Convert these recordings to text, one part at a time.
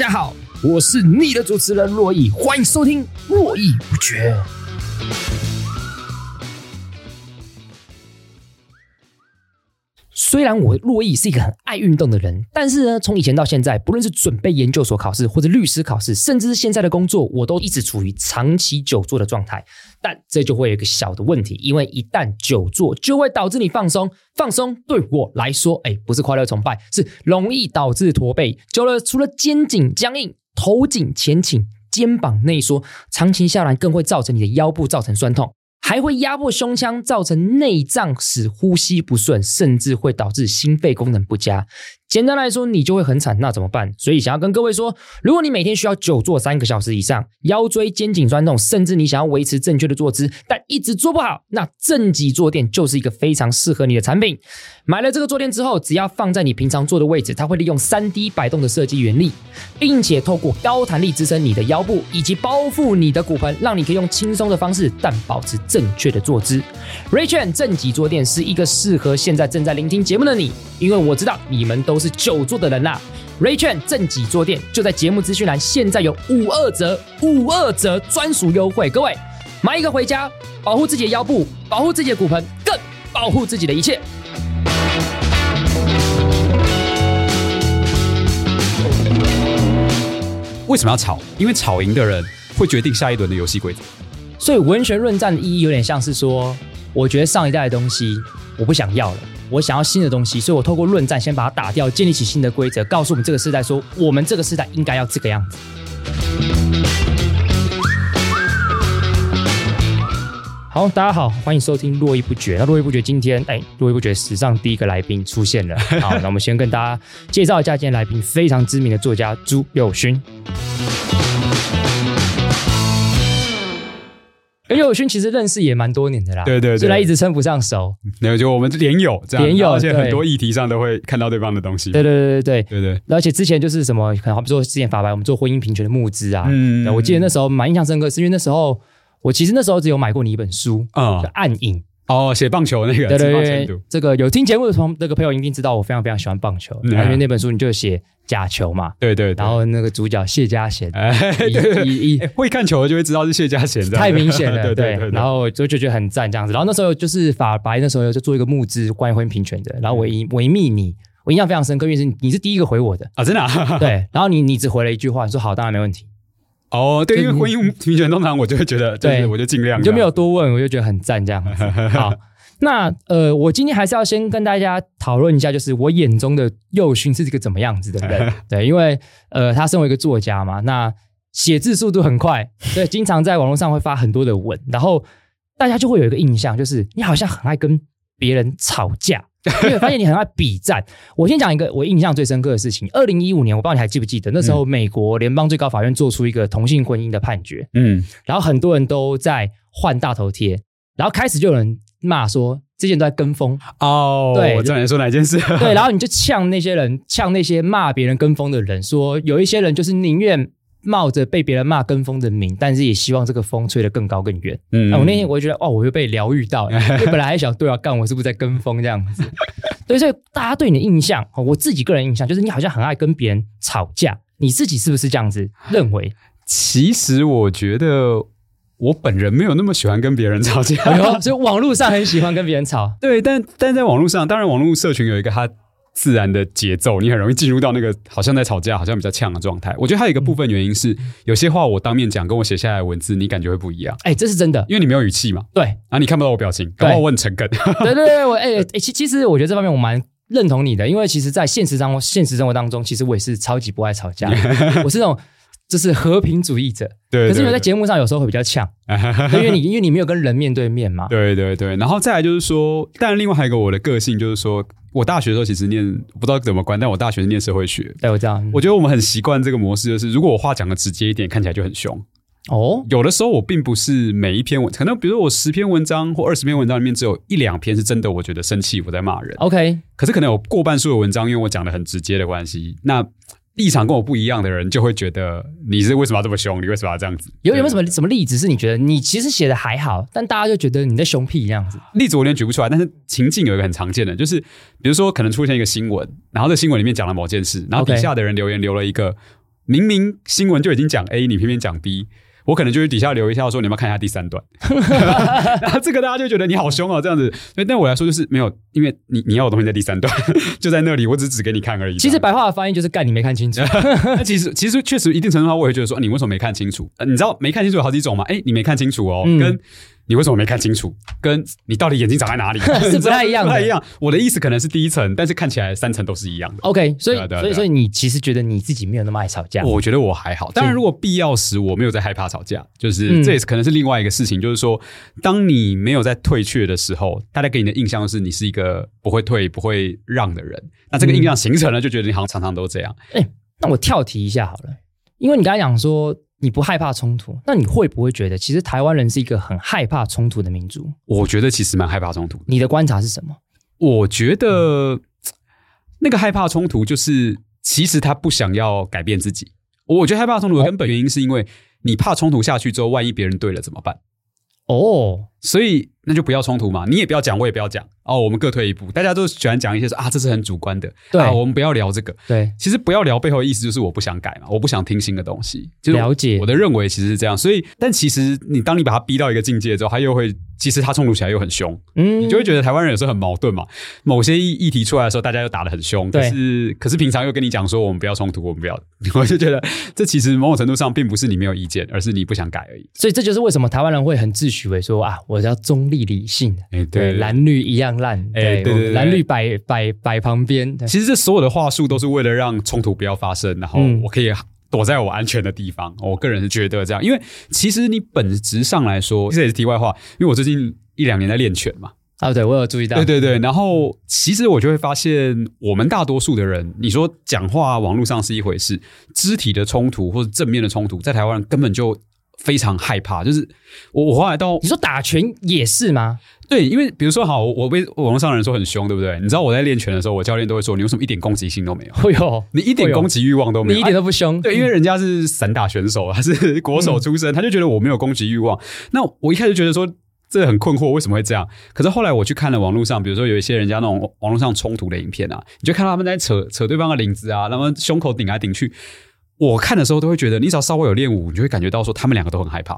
大家好，我是你的主持人珞亦，歡迎收聽《珞亦不絕》。雖然我珞亦是一個很愛運動的人，但是呢，從以前到現在，不論是準備研究所考試，或者律師考試，甚至是現在的工作，我都一直處於長期久坐的狀態。但這就會有一個小的問題，因為一旦久坐，就會導致你放鬆。放鬆對我來說，哎、欸，不是快樂崇拜，是容易導致駝背。久了，除了肩頸僵硬、頭頸前傾、肩膀內縮，長期下來更會造成你的腰部造成酸痛。還會壓迫胸腔，造成內臟，使呼吸不順，甚至會導致心肺功能不佳。簡單來說，你就會很慘。那怎麼辦？所以想要跟各位說，如果你每天需要久坐三個小時以上，腰椎、肩頸痠痛，甚至你想要維持正確的坐姿，但一直坐不好，那正脊坐墊就是一個非常適合你的產品。買了這個坐墊之後，只要放在你平常坐的位置，它會利用三 D 擺動的設計原理，並且透過高彈力支撐你的腰部以及包覆你的骨盆，讓你可以用輕鬆的方式，但保持正確的坐姿。Roichen 正脊坐墊是一個適合現在正在聆聽節目的你，因為我知道你們都。是久坐的人啦、啊、Roichen 正脊坐墊就在節目資訊欄，現在有五二折，五二折專屬優惠，各位買一個回家，保護自己的腰部，保護自己的骨盆，更保護自己的一切。為什麼要吵？因為吵贏的人會決定下一輪的遊戲規則。所以文學論戰的意義有點像是說，我覺得上一代的東西我不想要了。我想要新的東西，所以我透過論戰先把它打掉，建立起新的規則，告訴我們這個時代說，我們這個時代應該要這個樣子。 好，大家好，歡迎收聽《珞亦不絕》。那《珞亦不絕》今天，哎、欸，《珞亦不絕》史上第一個來賓出現了。 好，那我們先跟大家介紹一下今天來賓，非常知名的作家朱宥勳。哎，宥勳其實認識也蠻多年的啦，對,對對，對，雖然一直稱不上熟，那就我們連友這樣，連友，而且很多議題上都會看到對方的東西。對對對對對對對。對對對而且之前就是什麼，可能比如說之前法白，我們做婚姻平權的募資啊，嗯，我記得那時候蠻印象深刻，是因為那時候我其實那時候只有買過你一本書，叫、嗯《暗影》。哦，寫棒球那個，對對對，這個有聽節目的朋，那個朋友一定知道，我非常非常喜歡棒球。因為那本書你就寫假球嘛，對對，然後那個主角謝家賢，一一一會看球的就會知道是謝家賢，太明顯了，對。然後就就覺得很讚這樣子。然後那時候就是法白，那時候就做一個募資關於婚姻平權的。然後我一我密你，我印象非常深刻，因為是你是第一個回我的啊，真的，對。然後你你只回了一句話，你說好，當然沒問題。哦，oh, 對你因為婚姻、評選、通常我就會覺得，對，就我就盡量，你就沒有多問，我就覺得很贊這樣子。好， 那呃，我今天還是要先跟大家討論一下，就是我眼中的宥勳是一個怎麼樣子的人？對，不對， 對，因為呃，他身為一個作家嘛，那寫字速度很快，所以經常在網絡上會發很多的文， 然後大家就會有一個印象，就是你好像很愛跟別人吵架。 因為發現你很愛筆戰，我先講一個我印象最深刻的事情。二零一五年，我不知道你還記不記得，那時候美國聯邦最高法院做出一個同性婚姻的判決，嗯，然後很多人都在換大頭貼，然後開始就有人罵說這些人都在跟風哦。Oh, 對，我知道你說哪件事啊？對，然後你就嗆那些人，嗆那些罵別人跟風的人，說有一些人就是寧願。冒着被別人罵跟風的名，但是也希望這個風吹得更高更遠。嗯，我那天我就覺得，哦，我又被療癒到了。我本來還想， 對啊，幹我是不是在跟風這樣子？ 對，所以大家對你的印象，我自己個人印象就是你好像很愛跟別人吵架。你自己是不是這樣子認為？其實我覺得我本人沒有那麼喜歡跟別人吵架，所以網絡上很喜歡跟別人吵。 對，但但在網絡上，當然網絡社群有一個他。自然的節奏，你很容易進入到那個好像在吵架，好像比較嗆的狀態。我覺得還有一個部分原因是，有些話我當面講，跟我寫下來的文字，你感覺會不一樣。哎、欸，這是真的，因為你沒有語氣嘛。對啊，你看不到我表情。對，我問陳根。對對對，我哎其、欸欸、其實我覺得這方面我蠻認同你的，因為其實，在現實生活現實生活當中，其實我也是超級不愛吵架， 我是那種就是和平主義者。對、對、對、對。可是我在節目上有時候會比較嗆，因為你因為你沒有跟人面對面嘛。對對對，然後再來就是說，但另外還有一個我的個性就是說。我大學的時候其實念不知道怎麼關，但我大學是念社會學。對,我這樣,我覺得我們很習慣這個模式，就是如果我話講的直接一點，看起來就很凶。哦，oh? 有的時候我並不是每一篇文章，可能比如說我十篇文章或二十篇文章裡面只有一兩篇是真的，我覺得生氣我在罵人。OK，可是可能有過半數的文章，因為我講的很直接的關係，那。立場跟我不一樣的人就會覺得你是為什麽要這麼凶？你為什麽要這樣子？有有沒有什麼什麼例子是你覺得你其實寫的還好，但大家就覺得你在凶屁這樣子？例子我連舉不出來，但是情境有一個很常見的，就是比如說可能出現一個新聞，然後在新聞裡面講了某件事，然後底下的人留言留了一個，Okay. 明明新聞就已經講 A，你偏偏講 B。我可能就是底下留一下，說你要不要看一下第三段？ 然後這個大家就覺得你好凶哦，這樣子。對，但對我來說就是沒有，因為你你要的東西在第三段， 就在那裡，我只是指給你看而已。其實白話的翻譯就是幹你沒看清楚。那 其實其實確實一定程度上，我也覺得說你為什麼沒看清楚，呃？你知道沒看清楚有好幾種嘛？哎，你沒看清楚哦，跟，嗯你為什麼沒看清楚？跟你到底眼睛長在哪裡 是不太一樣的， 不太一樣。我的意思可能是第一層，但是看起來三層都是一樣的。OK，所以對對，所以所以你其實覺得你自己沒有那麼愛吵架。我覺得我還好，當然如果必要時我沒有在害怕吵架，就是以這也是可能是另外一個事情，就是說當你沒有在退卻的時候，大家給你的印象是你是一個不會退、不會讓的人。那這個印象形成了，就覺得你好像常常都這樣。哎、嗯欸，那我跳題一下好了，嗯、因為你剛才講說。你不害怕衝突，那你會不會覺得其實台灣人是一個很害怕衝突的民族？我覺得其實蠻害怕衝突。你的觀察是什麼？我覺得那個害怕衝突，就是其實他不想要改變自己。我覺得害怕衝突的根本原因是因為你怕衝突下去之後，萬一別人對了怎麼辦？哦。所以那就不要衝突嘛，你也不要講，我也不要講哦，我們各退一步。大家都喜歡講一些說啊，這是很主觀的，對、啊，我們不要聊這個。對，其實不要聊背後的意思就是我不想改嘛，我不想聽新的東西。就是、了解，我的認為其實是這樣。所以，但其實你當你把他逼到一個境界之後，他又會其實他衝突起來又很兇，嗯，你就會覺得台灣人有時候很矛盾嘛。某些議議題出來的時候，大家又打得很兇，對，可是，可是平常又跟你講說我們不要衝突，我們不要，我就覺得這其實某種程度上並不是你沒有意見，而是你不想改而已。所以這就是為什麼台灣人會很自詡為說啊。我叫中立理性，哎，欸、對，對對，藍綠一樣爛，哎、欸，對，藍綠擺擺擺旁邊。其實這所有的話術都是為了讓衝突不要發生，然後我可以躲在我安全的地方。嗯、我個人是覺得這樣，因為其實你本質上來說，這也是題外話。因為我最近一兩年在練拳嘛，啊，對，我有注意到，對對對。然後其實我就會發現，我們大多數的人，你說講話網絡上是一回事，肢體的衝突或者正面的衝突，在台灣根本就。非常害怕，就是我我後來到你說打拳也是嗎？對，因為比如說好，我被網絡上的人說很凶，對不對？你知道我在練拳的時候，我教練都會說你為什麼一點攻擊性都沒有？哎、呦你一點攻擊欲望都沒有、哎，你一點都不凶、啊。對，因為人家是散打選手，還是國手出身，嗯、他就覺得我沒有攻擊欲望。那我一開始覺得說這很困惑，為什麼會這樣？可是後來我去看了網絡上，比如說有一些人家那種網絡上衝突的影片啊，你就看到他們在扯扯對方的領子啊，然後胸口頂來頂去。我看的時候都會覺得，你只要稍微有練武，你就會感覺到說他們兩個都很害怕。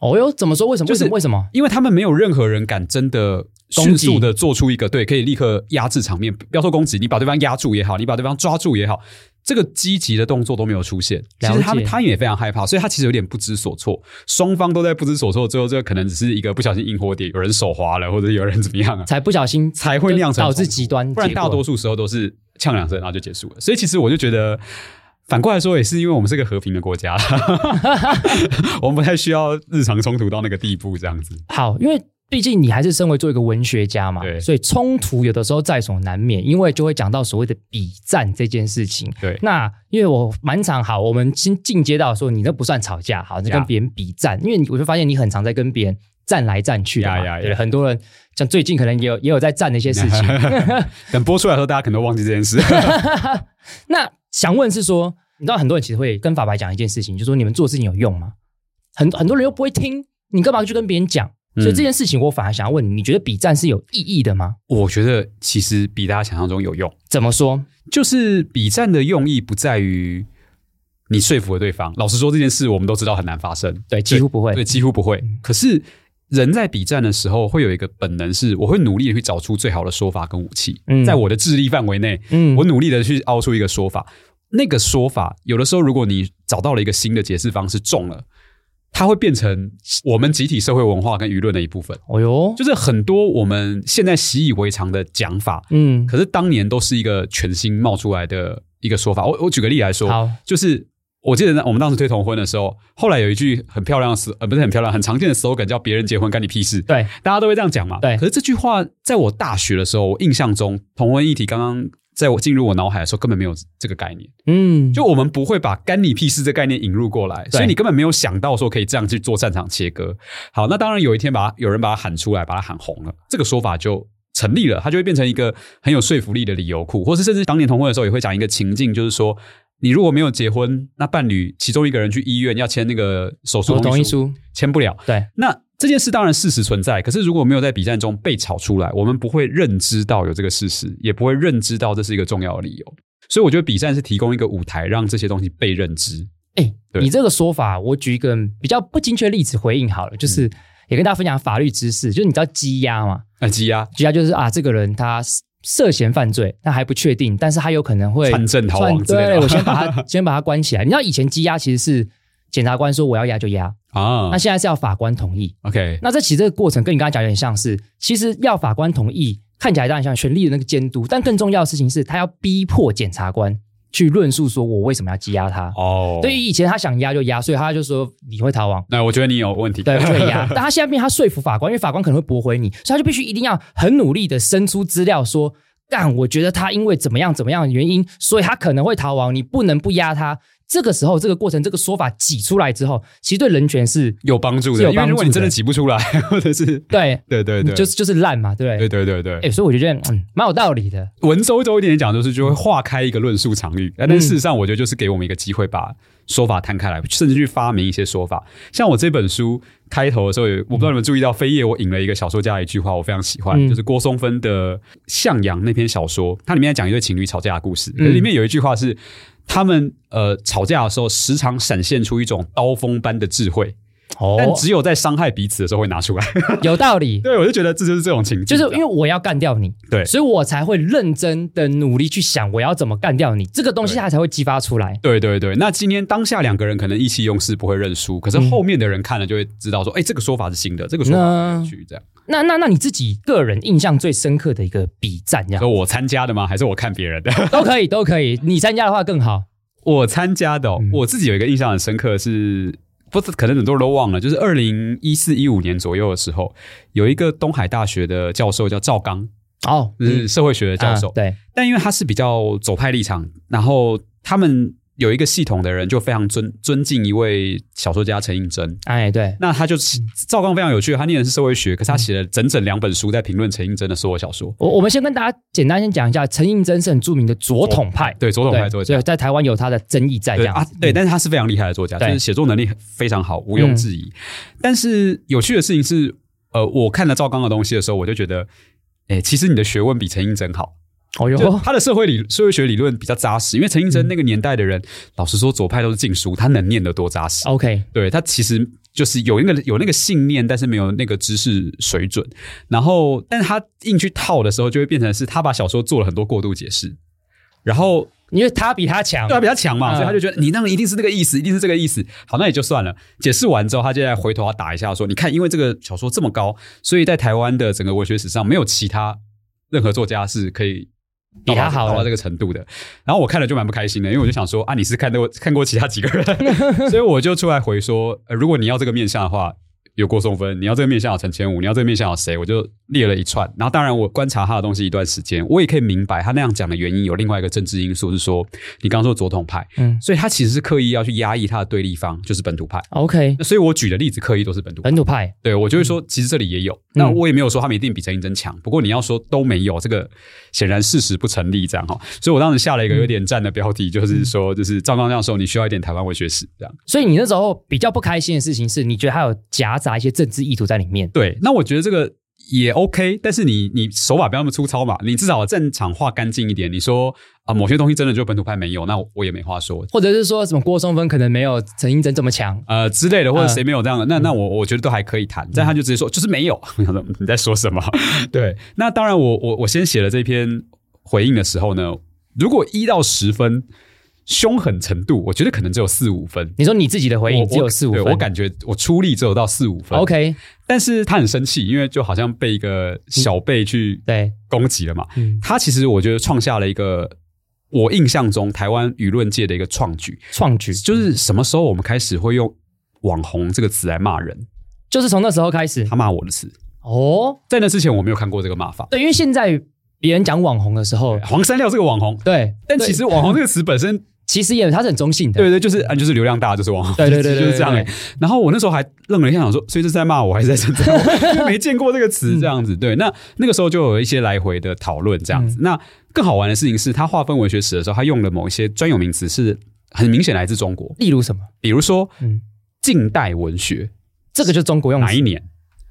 哦喲，怎麼說？為什麼？就是為什麼？因為他們沒有任何人敢真的迅速的做出一個，對，可以立刻壓制場面。不要說攻擊，你把對方壓住也好，你把對方抓住也好，這個積極的動作都沒有出現。其實他們，他也非常害怕，所以他其實有點不知所措。雙方都在不知所措，最後這可能只是一個不小心引火點，有人手滑了，或者有人怎麼樣啊？才不小心才會釀成導致極端。不然大多數時候都是嗆兩聲，然後就結束了。所以其實我就覺得。反過來說，也是因為我們是一個和平的國家， 我們不太需要日常衝突到那個地步這樣子。好，因為畢竟你還是身為做一個文學家嘛，對，所以衝突有的時候在所難免。因為就會講到所謂的筆戰這件事情。對，那因為我滿常。好，我們先進階到說你都不算吵架，好，你跟別人筆戰，Yeah. 因為我就發現你很常在跟別人戰來戰去 yeah, yeah, yeah. 對，很多人像最近可能也有也有在戰的一些事情。 等播出來的時候，大家可能都忘記這件事。 那。想問是說，你知道很多人其實會跟法白講一件事情，就是說你們做事情有用嗎？很很多人又不會聽，你幹嘛去跟別人講？所以這件事情我反而想要問你，你覺得筆戰是有意義的嗎？我覺得其實比大家想象中有用。怎麼說？就是筆戰的用意不在於你說服了對方。嗯、老實說，這件事我們都知道很難發生，對，對幾乎不會對，對，幾乎不會。嗯、可是。人在筆戰的時候，會有一個本能，是我會努力去找出最好的說法跟武器，嗯、在我的智力範圍內，嗯、我努力的去凹出一個說法。那個說法，有的時候如果你找到了一個新的解釋方式，中了，它會變成我們集體社會文化跟輿論的一部分。哦喲呦，就是很多我們現在習以為常的講法，嗯，可是當年都是一個全新冒出來的一個說法。我我舉個例來說，好就是。我記得我們當時推同婚的時候，後來有一句很漂亮的詞，呃，不是很漂亮，很常見的 slogan 叫“別人結婚干你屁事”。對，大家都會這樣講嘛。對。可是這句話在我大學的時候，我印象中同婚議題剛剛在我進入我腦海的時候，根本沒有這個概念。嗯。就我們不會把“干你屁事”這個概念引入過來，對所以你根本沒有想到說可以這樣去做戰場切割。好，那當然有一天把有人把他喊出來，把他喊紅了，這個說法就成立了，它就會變成一個很有說服力的理由庫，或是甚至當年同婚的時候也會講一個情境，就是說。你如果沒有結婚，那伴侶其中一個人去醫院要簽那個手術同意書，簽不了。對，那這件事當然事實存在，可是如果沒有在筆戰中被吵出來，我們不會認知到有這個事實，也不會認知到這是一個重要的理由。所以我覺得筆戰是提供一個舞台，讓這些東西被認知。哎、欸，你這個說法，我舉一個比較不精確的例子回應好了，就是、嗯、也跟大家分享法律知識，就是你知道羈押嗎？啊、呃，羈押，羈押就是啊，這個人他。涉嫌犯罪，但還不確定，但是他有可能會串證逃亡之類的，對我先把他 先把他關起來。你知道以前羈押其實是檢察官說我要押就押啊，那現在是要法官同意。OK，那這其實這個過程跟你剛才講有點像是，其實要法官同意，看起來當然像權力的那個監督，但更重要的事情是他要逼迫檢察官。去論述說我為什麼要羈押他哦，oh. 對於以前他想押就押，所以他就說你會逃亡。那我覺得你有問題，對，會押。 但他現在變他說服法官，因為法官可能會駁回你，所以他就必須一定要很努力的生出資料說，但我覺得他因為怎麼樣怎麼樣的原因，所以他可能會逃亡，你不能不押他。這個時候，這個過程，這個說法擠出來之後，其實對人權是有幫助的，因為如果你真的擠不出來，或者是對對對，就是就是爛嘛，對對對對對，所以我就覺得蠻有道理的。文縐縐一點講，就是就會化開一個論述場域，但事實上，我覺得就是給我們一個機會，把說法攤開來，甚至去發明一些說法。像我這本書開頭的時候，我不知道你們注意到扉頁我引了一個小說家的一句話，我非常喜歡，就是郭松棻的《向陽》那篇小說，它裡面講一對情侶吵架的故事，裡面有一句話是。他們呃吵架的時候，時常閃現出一種刀鋒般的智慧，哦、但只有在傷害彼此的時候會拿出來。有道理， 對，我就覺得這就是這種情，就是因為我要幹掉你，對，所以我才會認真的努力去想我要怎麼幹掉你對這個東西，它才會激發出來對。對對對，那今天當下兩個人可能意氣用事，不會認輸，可是後面的人看了就會知道說，哎、嗯哼欸，這個說法是新的，這個說法是那這樣。那那那你自己個人印象最深刻的一個筆戰這樣，我參加的嗎？還是我看別人的？ 都可以，都可以。你參加的話更好。我參加的、哦，嗯、我自己有一個印象很深刻是，是不是？可能很多人都忘了，就是二零一四一五年左右的時候，有一個東海大學的教授叫趙剛，哦，是社會學的教授，嗯啊、對。但因為他是比較左派立場，然後他們。有一個系統的人就非常尊尊敬一位小說家陳映真，哎，對，那他就是趙剛非常有趣，他念的是社會學，可是他寫了整整兩本書在評論陳映真的所有小說。嗯、我我們先跟大家簡單先講一下，陳映真是很著名的左統派，左統派對左統派作家對對，在台灣有他的爭議在這樣對，啊對嗯、但是他是非常厲害的作家，就是對寫作能力非常好，毋庸置疑。嗯、但是有趣的事情是，呃，我看了趙剛的東西的時候，我就覺得，哎，其實你的學問比陳映真好。哦呦，他的社會理社會學理論比較扎實，因為陳映真那個年代的人，嗯、老實說左派都是禁書，他能念得多扎實？OK，對，他其實就是有那個有那個信念，但是沒有那個知識水準。然後，但是他硬去套的時候，就會變成是他把小說做了很多過度解釋。然後，因為他比他強，對，他比他強嘛，嗯、所以他就覺得你那個一定是這個意思，一定是這個意思。好，那也就算了。解釋完之後，他就在回頭要打一下說，說你看，因為這個小說這麼高，所以在台灣的整個文學史上，沒有其他任何作家是可以。比他好到這個程度的，然後我看了就蠻不開心的，因為我就想說啊，你是看都看過其他幾個人， 所以我就出來回說，呃，如果你要這個面相的話，有郭松棻，你要這個面向有陳千武，你要這個面向有誰？我就列了一串。然後當然我觀察他的東西一段時間，我也可以明白他那樣講的原因有另外一個政治因素，就是說你剛剛說的左統派，嗯，所以他其實是刻意要去壓抑他的對立方，就是本土派。OK，所以我舉的例子刻意都是本土本土派。對，我就是說，其實這裡也有。嗯、那我也沒有說他們一定比陳映真強。嗯、不過你要說都沒有，這個顯然事實不成立這樣哈。所以我當時下了一個有點戰的標題，嗯、就是說，就是趙剛教授，你需要一點台灣文學史這樣。所以你那時候比較不開心的事情是，你覺得他有夾雜，加一些政治意圖在裡面，對，那我覺得這個也 OK，但是你你手法不要那麼粗糙嘛，你至少正常畫乾淨一點。你說啊、呃，某些東西真的就本土派沒有，那我也沒話說，或者是說什麼郭松棻可能沒有陳映真這麼強，呃之類的，或者誰沒有這樣的，呃、那那我我覺得都還可以談。但、嗯、他就直接說就是沒有，說你在說什麼？ 對，那當然我，我我我先寫了這篇回應的時候呢，如果一到十分。兇狠程度，我覺得可能只有四五分。你說你自己的回應只有四五分。對，我感覺我出力只有到四五分。OK，但是他很生氣，因為就好像被一個小輩去對攻擊了嘛。嗯嗯。他其實我覺得創下了一個我印象中台灣輿論界的一個創舉，創舉就是什麼時候我們開始會用“網紅”這個詞來罵人，就是從那時候開始他罵我的詞哦。Oh? 在那之前我沒有看過這個罵法，對，因為現在別人講“網紅”的時候，黃山料這個網紅，對，但其實“網紅”這個詞本身。其實也，它，是很中性的。對對，就是啊，就是流量大，就是網紅。對對對，就是這樣哎。然後我那時候還愣了一下，想說，所以這是在罵我，還是在這樣？沒見過這個詞，這樣子。對，那那個時候就有一些來回的討論，這樣子。那更好玩的事情是，他劃分文學史的時候，他用的某一些專有名詞，是很明顯來自中國。例如什麼？比如說，嗯，近代文學，這個就是中國用哪一年？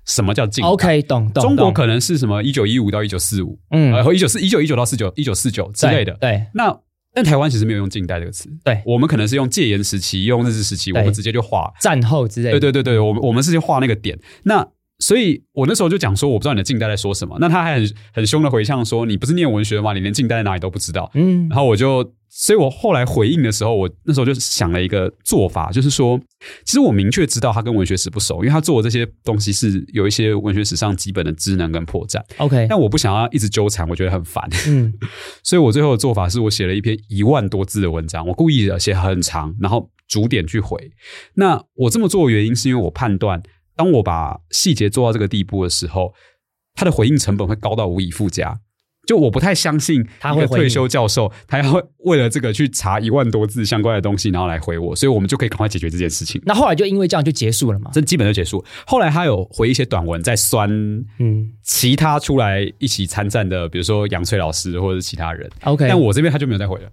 什麼叫近代？OK，懂懂懂。中國可能是什麼？一九一五到一九四五，嗯，然後一九四一九一九到四九一九四九之類的。對，那。但台灣其實沒有用“近代”這個詞，對，我們可能是用“戒嚴時期”、“用日治時期”，對我們直接就畫戰後之類的。對對對對，我們我們是去畫那個點。那所以，我那時候就講說，我不知道你的“近代”在說什麼。那他還很很兇的回嗆說：“你不是念文學嗎？你連‘近代’在哪裡都不知道。”嗯，然後我就。嗯所以我後來回應的時候，我那時候就想了一個做法，就是說，其實我明確知道他跟文學史不熟，因為他做的這些東西是有一些文學史上基本的職能跟破綻。OK，但我不想要一直糾纏，我覺得很煩。嗯， 所以我最後的做法是我寫了一篇一萬多字的文章，我故意寫很長，然後逐點去回。那我這麼做的原因，是因為我判斷，當我把細節做到這個地步的時候，他的回應成本會高到無以復加。就我不太相信，他會退休教授，他要為了這個去查一萬多字相關的東西，然後來回我，所以我們就可以趕快解決這件事情。那後來就因為這樣就結束了嘛？這基本就結束。後來他有回一些短文，在酸，嗯，其他出來一起參戰的，比如說楊翠老師或者其他人。OK，但我這邊他就沒有再回了。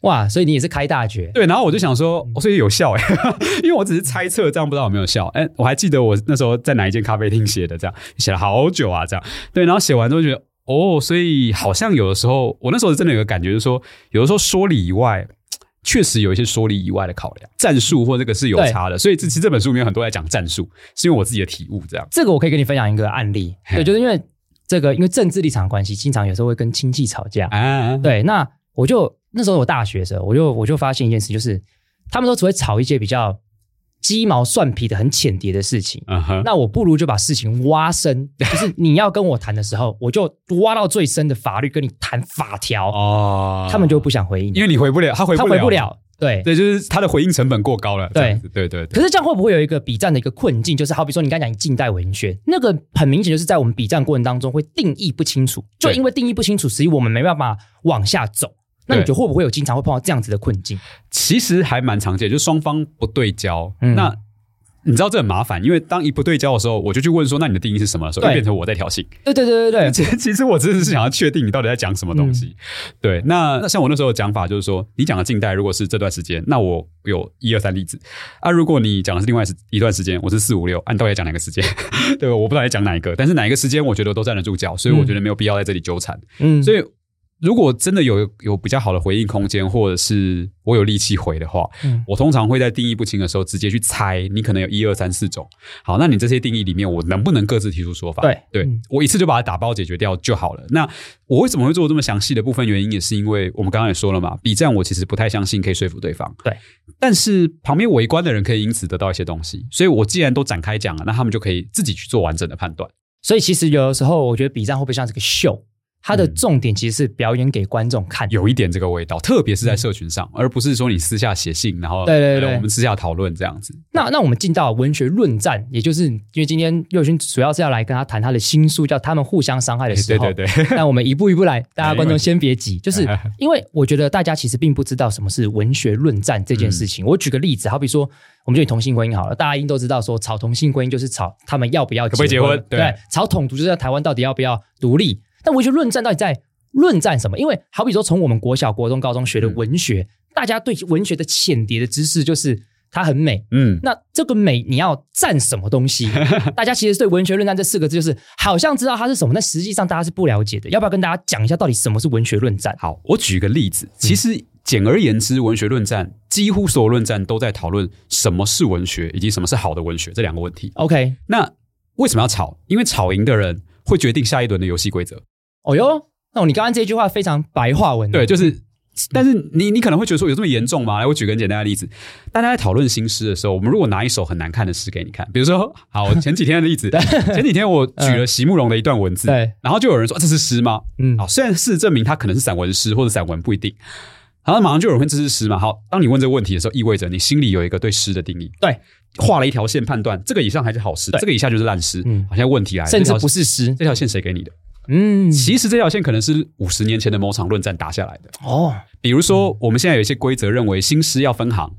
哇，所以你也是開大絕？對，然後我就想說，所以有效哎、欸， 因為我只是猜測，這樣不知道有沒有效。哎，我還記得我那時候在哪一間咖啡廳寫的，這樣寫了好久啊，這樣對，然後寫完之後覺得。哦，oh, 所以好像有的時候，我那時候真的有個感覺，就是說，有的時候說理以外，確實有一些說理以外的考量，戰術或這個是有差的。對所以，其實這本書裡面很多在講戰術，是因為我自己的體悟這樣。這個我可以跟你分享一個案例，對，就是因為這個，因為政治立場關係，經常有時候會跟親戚吵架。啊啊對，那我就那時候我大學的時候，我就我就發現一件事，就是他們都只會吵一些比較。雞毛蒜皮的很淺碟的事情，uh huh. 那我不如就把事情挖深，就是你要跟我談的時候， 我就挖到最深的法律跟你談法條、oh. 他們就不想回應，因為你回不了，他回不了，他回不了，對對，就是他的回應成本過高了，對,對對對。可是這樣會不會有一個筆戰的一個困境，就是好比說你剛才講近代文學，那個很明顯就是在我們筆戰過程當中會定義不清楚，就因為定義不清楚，所以對我們沒辦法往下走。那你覺得會不會有經常會碰到這樣子的困境？其實還蠻常見，就是雙方不對焦。嗯、那你知道這很麻煩，因為當一不對焦的時候，我就去問說：“那你的定義是什麼時候？”所以對變成我在挑釁。對對對對對。其實，其實我真的是想要確定你到底在講什麼東西。嗯、對，那那像我那時候的講法就是說，你講的近代如果是這段時間，那我有一二三例子；啊，如果你講的是另外一段時間，我是四五六。啊，你到底在講哪個時間？嗯、 對，我不知道在講哪一個，但是哪一個時間，我覺得都站得住腳，所以我覺得沒有必要在這裡糾纏。嗯，所以。如果真的有有比較好的回應空間，或者是我有力氣回的話，嗯，我通常會在定義不清的時候直接去猜，你可能有一二三四種。好，那你這些定義裡面，我能不能各自提出說法？嗯、對，對我一次就把它打包解決掉就好了。那我為什麼會做這麼詳細的部分？原因也是因為我們剛剛也說了嘛，筆戰我其實不太相信可以說服對方，對。但是旁邊圍觀的人可以因此得到一些東西，所以我既然都展開講了，那他們就可以自己去做完整的判斷。所以其實有的時候，我覺得筆戰會不會像是個秀？它的重點其實是表演給觀眾看，有一點這個味道，特別是在社群上，而不是說你私下寫信，然後對對對，我們私下討論這樣子。那那我們進到文學論戰，也就是因為今天宥勳主要是要來跟他談他的新書，叫《他們互相傷害的時候》，對對對。那我們一步一步來，大家觀眾先別急，就是因為我覺得大家其實並不知道什麼是文學論戰這件事情。我舉個例子，好比說，我們就以同性婚姻好了，大家應該都知道，說吵同性婚姻就是吵他們要不要可不可以結婚，對，吵統獨就是在台灣到底要不要獨立。但文學論戰到底在論戰什麼？因為好比說，從我們國小、國中、高中學的文學，嗯、大家對文學的淺碟的知識就是它很美。嗯，那這個美你要戰什麼東西？ 大家其實對“文學論戰”這四個字，就是好像知道它是什麼，但實際上大家是不了解的。要不要跟大家講一下，到底什麼是文學論戰？好，我舉個例子。其實簡而言之，文學論戰幾乎所有論戰都在討論什麼是文學，以及什麼是好的文學這兩個問題。OK，那為什麼要吵？因為吵贏的人會決定下一輪的遊戲規則。哦喲，那你剛剛這句話非常白話文、啊。對，就是，但是你你可能會覺得說有這麼嚴重嗎？來，我舉個很簡單的例子，大家在討論新詩的時候，我們如果拿一首很難看的詩給你看，比如說，好，前幾天的例子， 對前幾天我舉了席慕蓉的一段文字，對，然後就有人說、啊、這是詩嗎？嗯，好，雖然事實證明它可能是散文詩或者散文不一定，然後馬上就有人問這是詩嘛？好，當你問這個問題的時候，意味着你心裡有一個對詩的定義，對，畫了一條線判斷，這個以上還是好詩，對這個以下就是爛詩，嗯，好像問題來了，甚至不是詩，這條線誰給你的？嗯，其實這條線可能是五十年前的某場論戰打下來的哦。比如說，我們現在有一些規則，認為新詩要分行，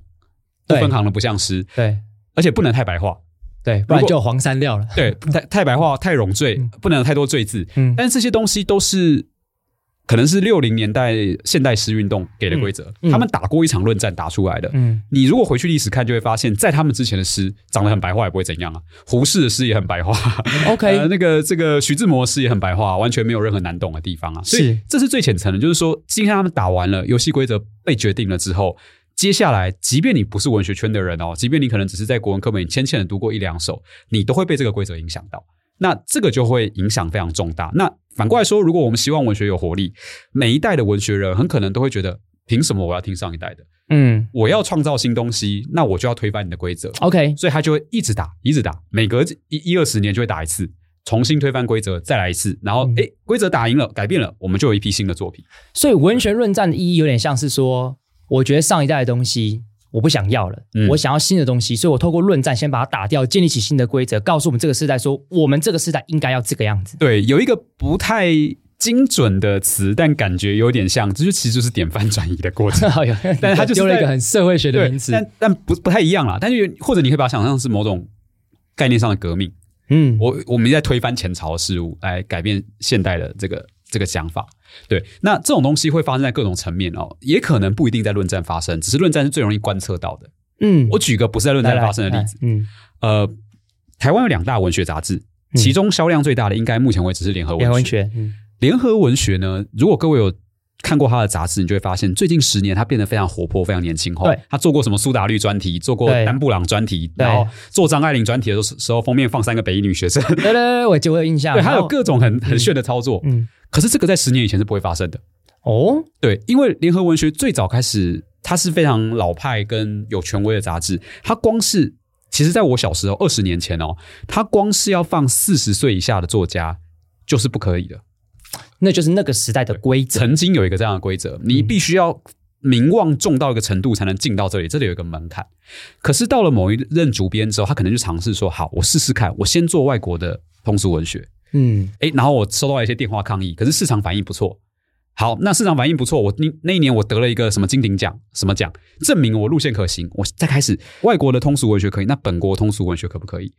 對不分行的不像詩。對，而且不能太白話，對，果不然就黃山料了。 對，太太白話太冗贅，不能有太多贅字。嗯，但是這些東西都是。可能是六零年代現代詩運動給的規則，嗯嗯、他們打過一場論戰打出來的。嗯，嗯你如果回去歷史看，就會發現，在他們之前的詩長得很白話也不會怎樣啊。胡適的詩也很白話，嗯，OK，呃、那個這個徐志摩的詩也很白話，完全沒有任何難懂的地方啊。所以是這是最淺層的，就是說今天他們打完了遊戲規則被決定了之後，接下來即便你不是文學圈的人哦，即便你可能只是在國文課本裡淺淺的讀過一兩首，你都會被這個規則影響到。那這個就會影響非常重大。那反過來說，如果我們希望文學有活力，每一代的文學人很可能都會覺得，憑什麼我要聽上一代的？嗯，我要創造新東西，那我就要推翻你的規則。OK，所以他就會一直打，一直打，每隔一一,一二十年就會打一次，重新推翻規則，再來一次，然後哎，嗯，欸，規則打贏了，改變了，我們就有一批新的作品。所以文學論戰的意義有點像是說，我覺得上一代的東西。我不想要了，嗯、我想要新的東西，所以我透過論戰先把它打掉，建立起新的規則，告訴我們這個時代說，我們這個時代應該要這個樣子。對，有一個不太精準的詞，但感覺有點像，這就其實就是典範轉移的過程。 有但是它就丟了一個很社會學的名詞，但但不不太一樣啦。但是或者你可以把它想象是某種概念上的革命。嗯，我我們在推翻前朝的事物，來改變現代的這個這個想法。對，那這種東西會發生在各種層面哦，也可能不一定在論戰發生，只是論戰是最容易觀測到的。嗯，我舉個不是在論戰發生的例子，來來嗯，呃，台灣有兩大文學雜誌，嗯，其中銷量最大的應該目前為止是《聯合文學》。聯文學。嗯，聯合文學呢，如果各位有。看過他的雜誌，你就會發現，最近十年他變得非常活潑，非常年輕化。對他做過什麼蘇打綠專題，做過丹布朗專題，對然後做張愛玲專題的時候，封面放三個北一女學生。對，對，我就有印象。對，他有各種很後很炫的操作。嗯，嗯可是這個在十年以前是不會發生的。哦，對，因為聯合文學最早開始，它是非常老派跟有權威的雜誌。它光是，其實在我小時候二十年前哦，它光是要放四十歲以下的作家，就是不可以的。那就是那個時代的規則，曾經有一個這樣的規則，嗯、你必須要名望重到一個程度才能進到這裡，這裡有一個門檻。可是到了某一任主編之後，他可能就嘗試說：“好，我試試看，我先做外國的通俗文學，嗯，哎，然後我收到一些電話抗議，可是市場反應不錯。好，那市場反應不錯，我那那一年我得了一個什麼金鼎獎，什麼獎，證明我路線可行。我再開始外國的通俗文學可以，那本國通俗文學可不可以？”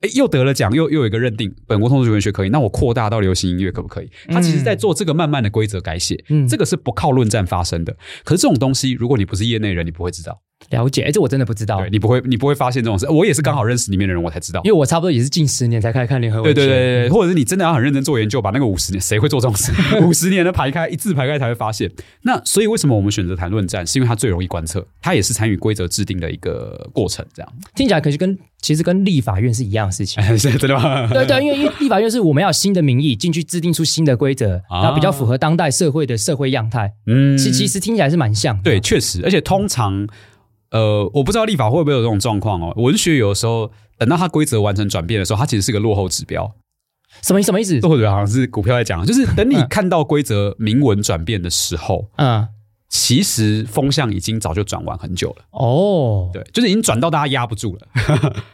哎，又得了獎，又又有一個認定，本國通俗文學，學可以，那我擴大到流行音樂可不可以？他其實，在做這個慢慢的規則改寫，嗯，這個是不靠論戰發生的。可是這種東西，如果你不是業內人，你不會知道。了解，哎、欸，這我真的不知道。對，你不會，你不會發現這種事。我也是剛好認識裡面的人，我才知道。因為我差不多也是近十年才開始看聯合文學。對,對對對，嗯、或者是你真的要很認真做研究，把那個五十年誰會做這種事？五十 年的排開，一字排開才會發現。那所以為什麼我們選擇談論戰？是因為它最容易觀測，它也是參與規則制定的一個過程。這樣聽起來可是跟其實跟立法院是一樣的事情，對對 真的嗎？對對，因為立法院是我們要有新的民意進去制定出新的規則，那、啊、比較符合當代社會的社會樣態。嗯，其其實聽起來是蠻像的。對，確實，而且通常。嗯呃，我不知道立法會不會有這種狀況哦。文學有的時候，等到它規則完成轉變的時候，它其實是個落後指標。什麼什麼意思？落後指標好像是股票在講，就是等你看到規則明文轉變的時候，嗯，其實風向已經早就轉完很久了。哦，對，就是已經轉到大家壓不住了。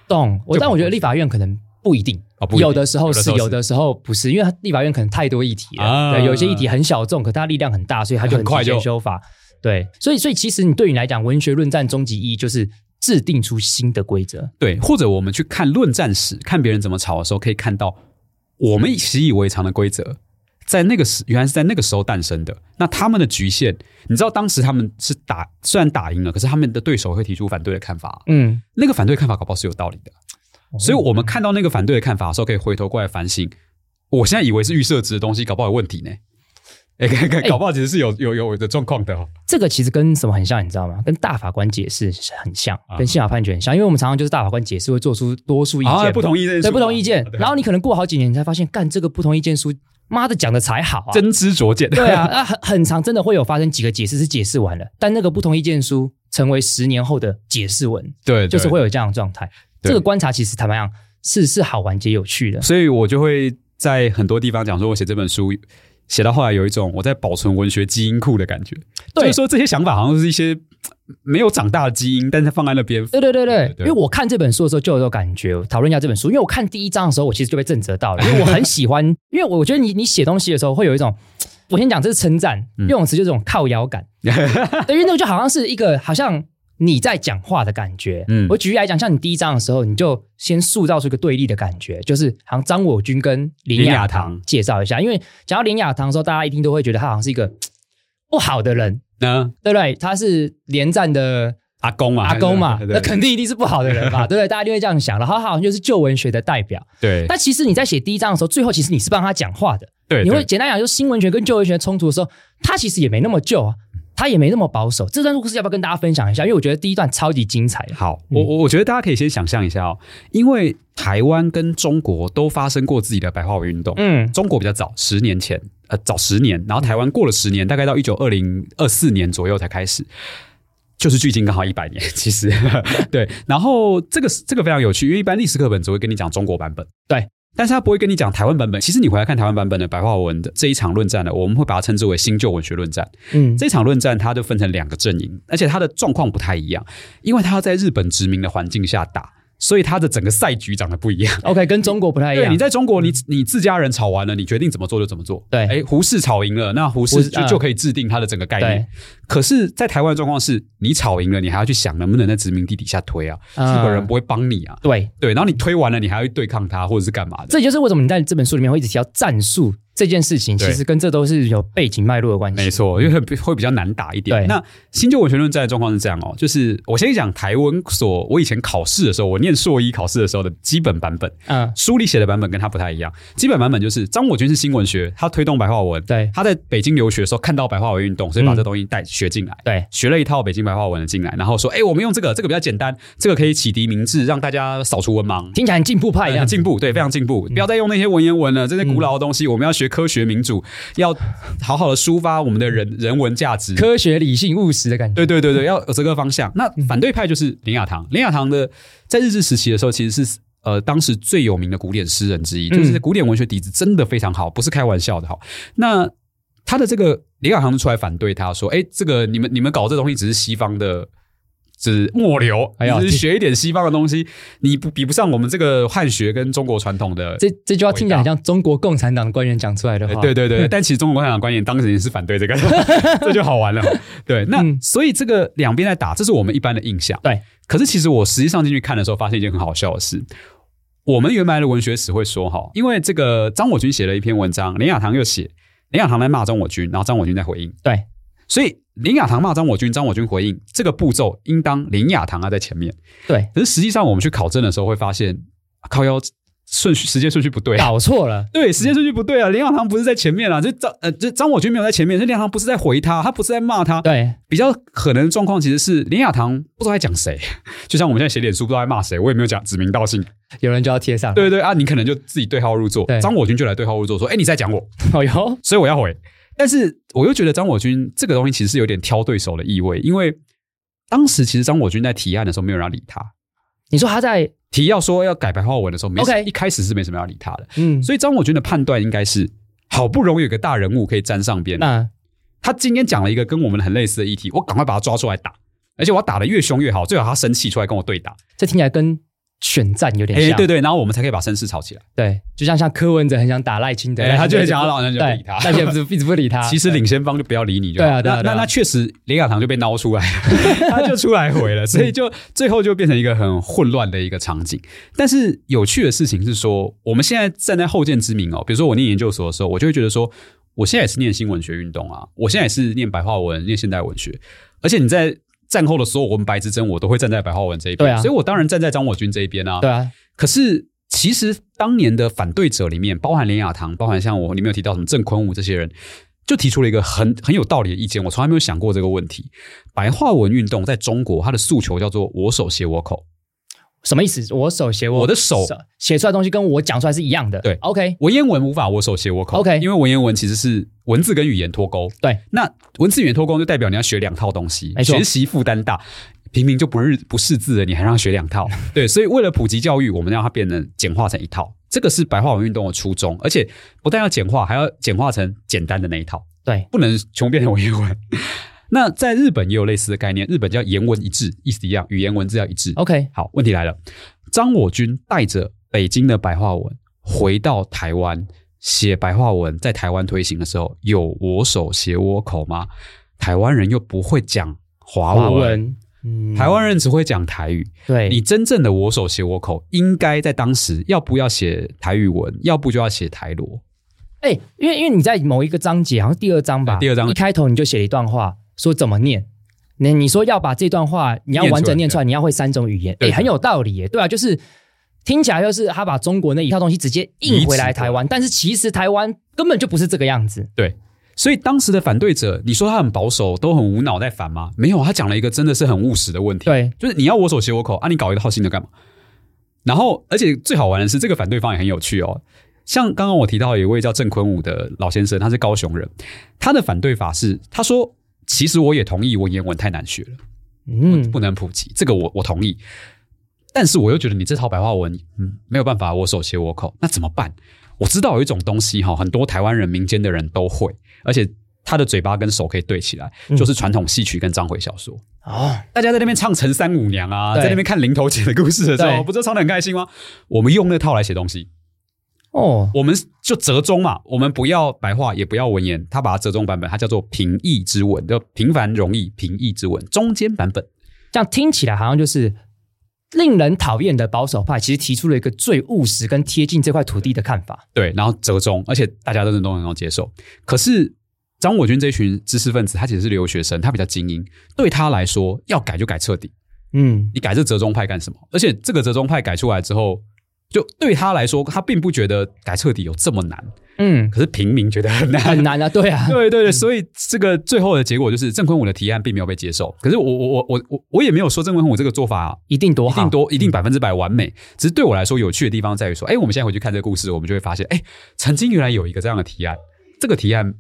懂我，呵呵，但我覺得立法院可能不一定，哦、不一定，有的時候是，有的時候是，有的時候不是，因為立法院可能太多議題了，啊、對，有一些議題很小眾，可是它力量很大，所以它就很快就修法。對，所以所以其實你對你來講，文學論戰終極意義，就是制定出新的規則。對，或者我們去看論戰史，看別人怎麼吵的時候，可以看到我們習以為常的規則，在那個時原來是在那個時候誕生的。那他們的局限，你知道當時他們是打，雖然打贏了，可是他們的對手會提出反對的看法。嗯，那個反對的看法搞不好是有道理的。嗯、所以，我們看到那個反對的看法的時候，可以回頭過來反省，我現在以為是預設值的東西，搞不好有問題呢。欸、搞不好其實是有、欸、有有的狀況的哈、哦。這個其實跟什麼很像，你知道嗎？跟大法官解釋很像，啊、跟憲法判決很像。因為我們常常就是大法官解釋會做出多數意見，不同意見不同意見。啊、然後你可能過好幾年，你才發現，幹這個不同意見書，媽的講的才好啊，真知灼見。對啊，那很很長，真的會有發生幾個解釋是解釋完了，但那個不同意見書成為十年後的解釋文，對，對，對，就是會有這樣的狀態。對這個觀察其實坦白講，是是好玩且有趣的。所以我就會在很多地方講說，我寫這本書。寫到後來有一種我在保存文學基因庫的感覺，對就是說這些想法好像是一些沒有長大的基因，但是放在那邊。對對對對，因為我看這本書的時候就有這種感覺，討論一下這本書，因為我看第一章的時候我其實就被震懾到了，因為我很喜歡， 因為我覺得你你寫東西的時候會有一種，我先講這是稱讚，嗯、用詞就是這種靠腰感，對， 對，因為那就好像是一個好像。你在講話的感覺，嗯，我舉例來講，像你第一章的時候，你就先塑造出一個對立的感覺，就是好像張我軍跟林雅堂介紹一下，因為講到林雅堂的時候，大家一定都會覺得他好像是一個不好的人，嗯，對不對？他是連戰的阿公嘛，阿公嘛，那肯定一定是不好的人嘛，對不對？大家就會這樣想。然後他好像就是舊文學的代表，對。但其實你在寫第一章的時候，最後其實你是幫他講話的，對。你會簡單講，就新文學跟舊文學衝突的時候，他其實也沒那麼舊啊。他也沒那麼保守，這段故事要不要跟大家分享一下？因為我覺得第一段超級精彩。好，嗯、我我我覺得大家可以先想象一下哦，因為台灣跟中國都發生過自己的白話文運動，嗯，中國比較早，十年前，呃，早十年，然後台灣過了十年，嗯、大概到一九二零二四年左右才開始，就是距今剛好一百年，其實 對。然後這個這個非常有趣，因為一般歷史課本只會跟你講中國版本，對。但是他不會跟你講台灣版本。其實你回來看台灣版本的白話文的這一場論戰呢，我們會把它稱之為新舊文學論戰。嗯，這一場論戰它就分成兩個陣營，而且它的狀況不太一樣，因為它要在日本殖民的環境下打。所以他的整個賽局長得不一樣，欸，OK，跟中國不太一樣。對，你在中國，你你自家人吵完了，你決定怎麼做就怎麼做。對，哎，胡適吵贏了，那胡適就，胡、呃、就就可以制定他的整個概念。對可是在台灣的狀況是，你吵贏了，你還要去想能不能在殖民地底下推啊，日本、呃、人不會幫你啊。對對，然後你推完了，你還要去對抗他或者是幹嘛的？這就是為什麼你在這本書裡面會一直提到戰術。這件事情其實跟這都是有背景脈絡的關係。沒錯，因為會比較難打一點。對。那新舊文學論戰的狀況是這樣哦，就是我先講台文所我以前考試的時候，我念碩一考試的時候的基本版本，嗯，書裡寫的版本跟他不太一樣。基本版本就是張我軍是新文學，他推動白話文。對。他在北京留學的時候看到白話文運動，所以把這東西帶學進來。對。學了一套北京白話文的進來，然後說，哎，我們用這個，這個比較簡單，這個可以啟迪民智，讓大家掃除文盲。聽起來很進步派一樣。進步，對，非常進步，不要再用那些文言文了，這些古老的東西，我們要學。科學民主，要好好的抒發我們的人 人文價值，科學理性務實的感覺。對對對對，要有這個方向。 那反對派就是林雅堂，林雅堂的在日治時期的時候，其實是呃當時最有名的古典詩人之一，就是古典文學底子真的非常好，不是開玩笑的哈。那他的這個林雅堂就出來反對，他說：“哎、欸，這個你們你們搞這東西只是西方的。”是末流，還、哎、呦是學一點西方的東西？哎、呦你不比不上我們這個漢學跟中國傳統的這。這這句話聽起來很像中國共產黨的官員講出來的話。對對對，嗯、但其實中國共產黨的官員當時也是反對這個， 這就好玩了。對，那、嗯、所以這個兩邊在打，這是我們一般的印象。對，可是其實我實際上進去看的時候，發現一件很好笑的事。我們原來的文學史會說，哈，因為這個張我軍寫了一篇文章，林雅堂又寫，林雅堂在罵張我軍，然後張我軍在回應。對。所以林雅堂罵張我軍，張我軍回應，這個步驟應當林雅堂啊在前面。對，可是實際上我們去考證的時候會發現，靠腰，順序，時間順序不對，搞錯了。對，時間順序不對啊，林雅堂不是在前面啊，這張呃，這張我軍沒有在前面，這林雅堂不是在回他，他不是在罵他。對，比較可能的狀況其實是林雅堂不知道在講誰，就像我們現在寫臉書不知道在罵誰，我也沒有講指名道姓，有人就要貼上。對對，對啊，你可能就自己對號入座，張對我軍就來對號入座說：“哎、欸，你在講我，哦、呦所以我要回。”但是我又覺得張我軍這個東西其實是有點挑對手的意味，因為當時其實張我軍在提案的時候沒有人要理他。你說他在提要說要改白話文的時候沒，沒 Okay. 一開始是沒什麼要理他的。嗯，所以張我軍的判斷應該是好不容易有個大人物可以沾上邊，嗯那。他今天講了一個跟我們很類似的議題，我趕快把他抓出來打，而且我要打得越凶越好，最好他生氣出來跟我對打。這聽起來跟選戰有點像，對對，然後我們才可以把聲勢炒起來。對，就像像柯文哲很想打賴清德，他就會想要老蔣就理他，但不是一直不理他。其實領先方就不要理你，對啊。那那確實，連雅堂就被撈出來，他就出來回了，所以就最後就變成一個很混亂的一個場景。但是有趣的事情是說，我們現在站在後見之明哦，比如說我念研究所的時候，我就會覺得說，我現在也是念新文學運動啊，我現在也是念白話文、念現代文學，而且你在。戰後的所有，我們白之爭，我都會站在白話文這一邊。對啊，所以我當然站在張我軍這一邊啊，對啊。可是其實當年的反對者裡面，包含連雅堂，包含像我，你沒有提到什麼鄭坤五這些人，就提出了一個很很有道理的意見，我從來沒有想過這個問題。白話文運動在中國，它的訴求叫做“我手寫我口”。什麼意思？我手寫我，我的手寫出來的東西跟我講出來是一樣的對。對，OK，文言文無法我手寫我口。OK，因為文言文其實是文字跟語言脫鈎。對，那文字語言脫鈎就代表你要學兩套東西，錯學習負擔大。平民就不是不識字了，你還讓他學兩套？錯對，所以為了普及教育，我們讓它變成簡化成一套。 這個是白話文運動的初衷，而且不但要簡化，還要簡化成簡單的那一套。對，不能全變成文言文。 那在日本也有類似的概念，日本叫言文一致，意思一樣，語言文字要一致。OK，好，問題來了，張我軍帶着北京的白話文回到台灣寫白話文，在台灣推行的時候，有我手寫我口嗎？台灣人又不會講華文，華文嗯、台灣人只會講台語。對，你真正的我手寫我口，應該在當時要不要寫台語文，要不就要寫台羅。哎、欸，因為因為你在某一個章節，好像第二章吧，啊、第二章一開頭你就寫一段話。說怎麼念？那你說要把這段話你要完整念出來，出來你要會三種語言，哎對，很有道理耶。對啊，就是聽起來就是他把中國那一套東西直接印回來台灣，但是其實台灣根本就不是這個樣子。對，所以當時的反對者，你說他很保守，都很無腦在反嗎？沒有，他講了一個真的是很務實的問題。對，就是你要我手寫我口啊，你搞一套新的幹嘛？然後，而且最好玩的是，這個反對方也很有趣哦。像剛剛我提到一位叫鄭坤武的老先生，他是高雄人，他的反對法是他說。其實我也同意，文言文太難學了，嗯，不能普及，這個我我同意。但是我又覺得你這套白話文，嗯，沒有辦法，我手寫我口，那怎麼辦？我知道有一種東西哈，很多台灣人民間的人都會，而且他的嘴巴跟手可以對起來，嗯、就是傳統戲曲跟章回小說。哦、啊，大家在那邊唱陳三五娘啊，對在那邊看林投姐的故事的時候，對不就唱得很開心嗎？我們用那套來寫東西。哦，oh. 我們就折中嘛，我們不要白話，也不要文言，他把它折中版本，它叫做平易之文，就平凡容易、平易之文，中間版本。這樣聽起來好像就是令人討厭的保守派，其實提出了一個最務實跟貼近這塊土地的看法。對，然後折中，而且大家都能、都能夠接受。可是張我軍這群知識分子，他其實是留學生，他比較精英，對他來說，要改就改徹底。嗯，你改這折中派幹什麼？而且這個折中派改出來之後，就對他來說，他並不覺得改徹底有這麼難，嗯，可是平民覺得很難很難啊，對啊， 對對對，所以這個最後的結果就是鄭坤五的提案並沒有被接受。可是我我我我我也沒有說鄭坤五這個做法一定多好。一定多一定百分之百完美。嗯，只是對我來說有趣的地方在於說，哎，我們現在回去看這個故事，我們就會發現，哎，曾經原來有一個這樣的提案，這個提案。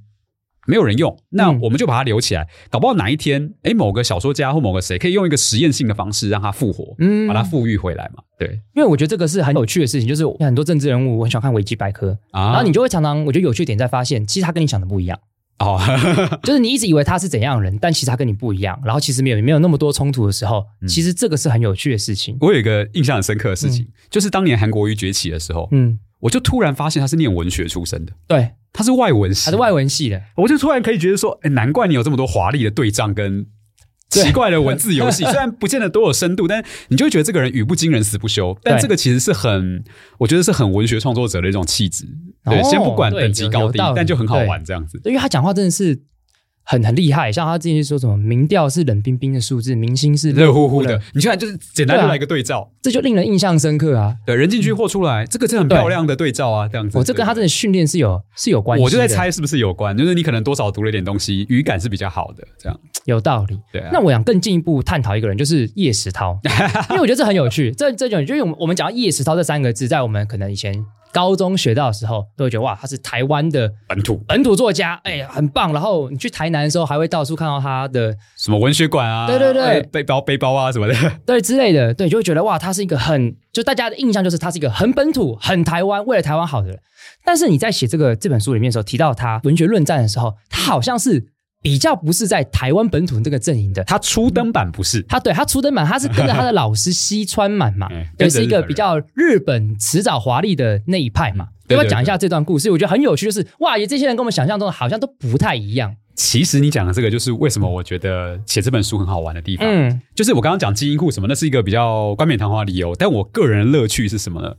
沒有人用，那我們就把它留起來，嗯、搞不好哪一天，哎，某個小說家或某個誰可以用一個實驗性的方式讓它復活，嗯、把它復育回來嘛。對，因為我覺得這個是很有趣的事情，就是很多政治人物，我很喜歡看維基百科啊，然後你就會常常我覺得有趣的點在發現，其實他跟你想的不一樣哦， 就是你一直以為他是怎樣的人，但其實他跟你不一樣，然後其實沒有沒有那麼多衝突的時候，嗯、其實這個是很有趣的事情。我有一個印象很深刻的事情，嗯、就是當年韓國瑜崛起的時候，嗯，我就突然發現他是念文學出身的，嗯、對。他是外文系，他是外文系的，我就突然可以覺得說，哎，難怪你有這麼多華麗的對仗跟奇怪的文字遊戲，對 雖然不見得都有深度， 但你就會覺得這個人語不驚人死不休，對 但這個其實是很，我覺得是很文學創作者的一種氣質。對，哦，先不管等級高低，但就很好玩對這樣子，因為他講話真的是。很很厲害，像他之前說什麼，民調是冷冰冰的數字，明星是熱乎乎的。者你看，就是簡單的來一個對照，對，啊，這就令人印象深刻啊。對，人進去，貨出來，嗯、這個是很漂亮的對照啊。對這樣子，我、喔、這個、跟他這訓練是有對對對，是有關係。我就在猜是不是有關，就是你可能多少讀了一點東西，語感是比較好的。這樣有道理。對、啊，那我想更進一步探討一個人，就是葉石濤， 因為我覺得這很有趣。這這種，就因、是、為我們講到葉石濤這三個字，在我們可能以前。高中學到的時候，都會覺得哇，他是台灣的本土本土作家，哎、欸，很棒。然後你去台南的時候，還會到處看到他的什麼文學館啊，對對對，啊、背包背包啊什麼的，對之類的，對，就會覺得哇，他是一個很就大家的印象就是他是一個很本土、很台灣、為了台灣好的人。但是你在寫這個這本書裡面的時候，提到他文學論戰的時候，他好像是。比較不是在台灣本土那個陣營的，他初登版，不是他，嗯，對他初登版，他是跟着他的老師西川滿嘛，也是一個比較日本遲早華麗的那一派嘛。對對對對，我要不要講一下這段故事？我覺得很有趣，就是哇，也這些人跟我們想象中的好像都不太一樣。其實你講的這個就是為什麼我覺得寫這本書很好玩的地方。嗯，就是我剛剛講基因庫什麼，那是一個比較冠冕堂皇的理由。但我個人的樂趣是什麼呢？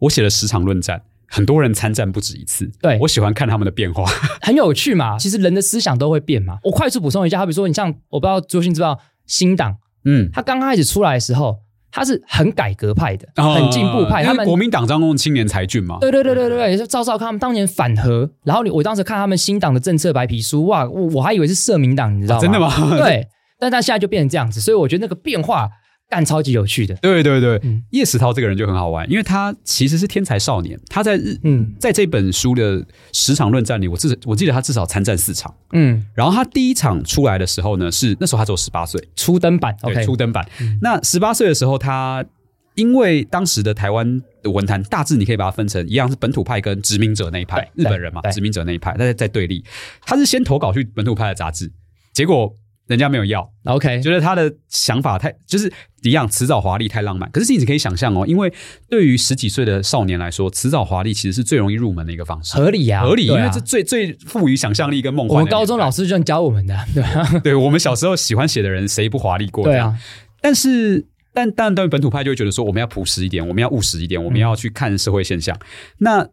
我寫了十場論戰。很多人參戰不止一次，對，我喜歡看他們的變化， 很有趣嘛。其實人的思想都會變嘛。我快速補充一下，他比如說，你像我不知道朱宥勳知不知道新黨，嗯，他剛開始出來的時候，他是很改革派的，哦、很進步派，他們、哦、國民黨當中的青年才俊嘛。對對對對對對，就趙少康他們當年反核，然後你我當時看他們新黨的政策白皮書，哇，我我還以為是社民黨，你知道嗎？哦、真的嗎？ 對，但他現在就變成這樣子，所以我覺得那個變化。但超級有趣的，對對對，葉、嗯、石濤這個人就很好玩，因為他其實是天才少年。他在日，嗯、在這本書的十場論戰裡，我至少我記得他至少參戰四場。嗯，然後他第一場出來的時候呢，是那時候他只有十八歲，初登板，對，Okay 初登板。嗯、那十八歲的時候他，他因為當時的台灣文壇大致你可以把它分成一樣是本土派跟殖民者那一派，對日本人嘛，對殖民者那一派，大家在對立。他是先投稿去本土派的雜誌，結果。人家沒有要，OK，覺得他的想法太就是一樣，辭藻華麗太浪漫。可是你只可以想象哦，因為對於十幾歲的少年來說，辭藻華麗其實是最容易入門的一個方式。合理呀、啊，合理，啊、因為這最最富於想象力跟夢幻。我們高中老師這樣教我們的，對、啊，對我們小時候喜歡寫的人，誰不華麗過的？對啊，但是但但對於本土派就會覺得說，我們要樸實一點，我們要務實一點，我們要去看社會現象。嗯、那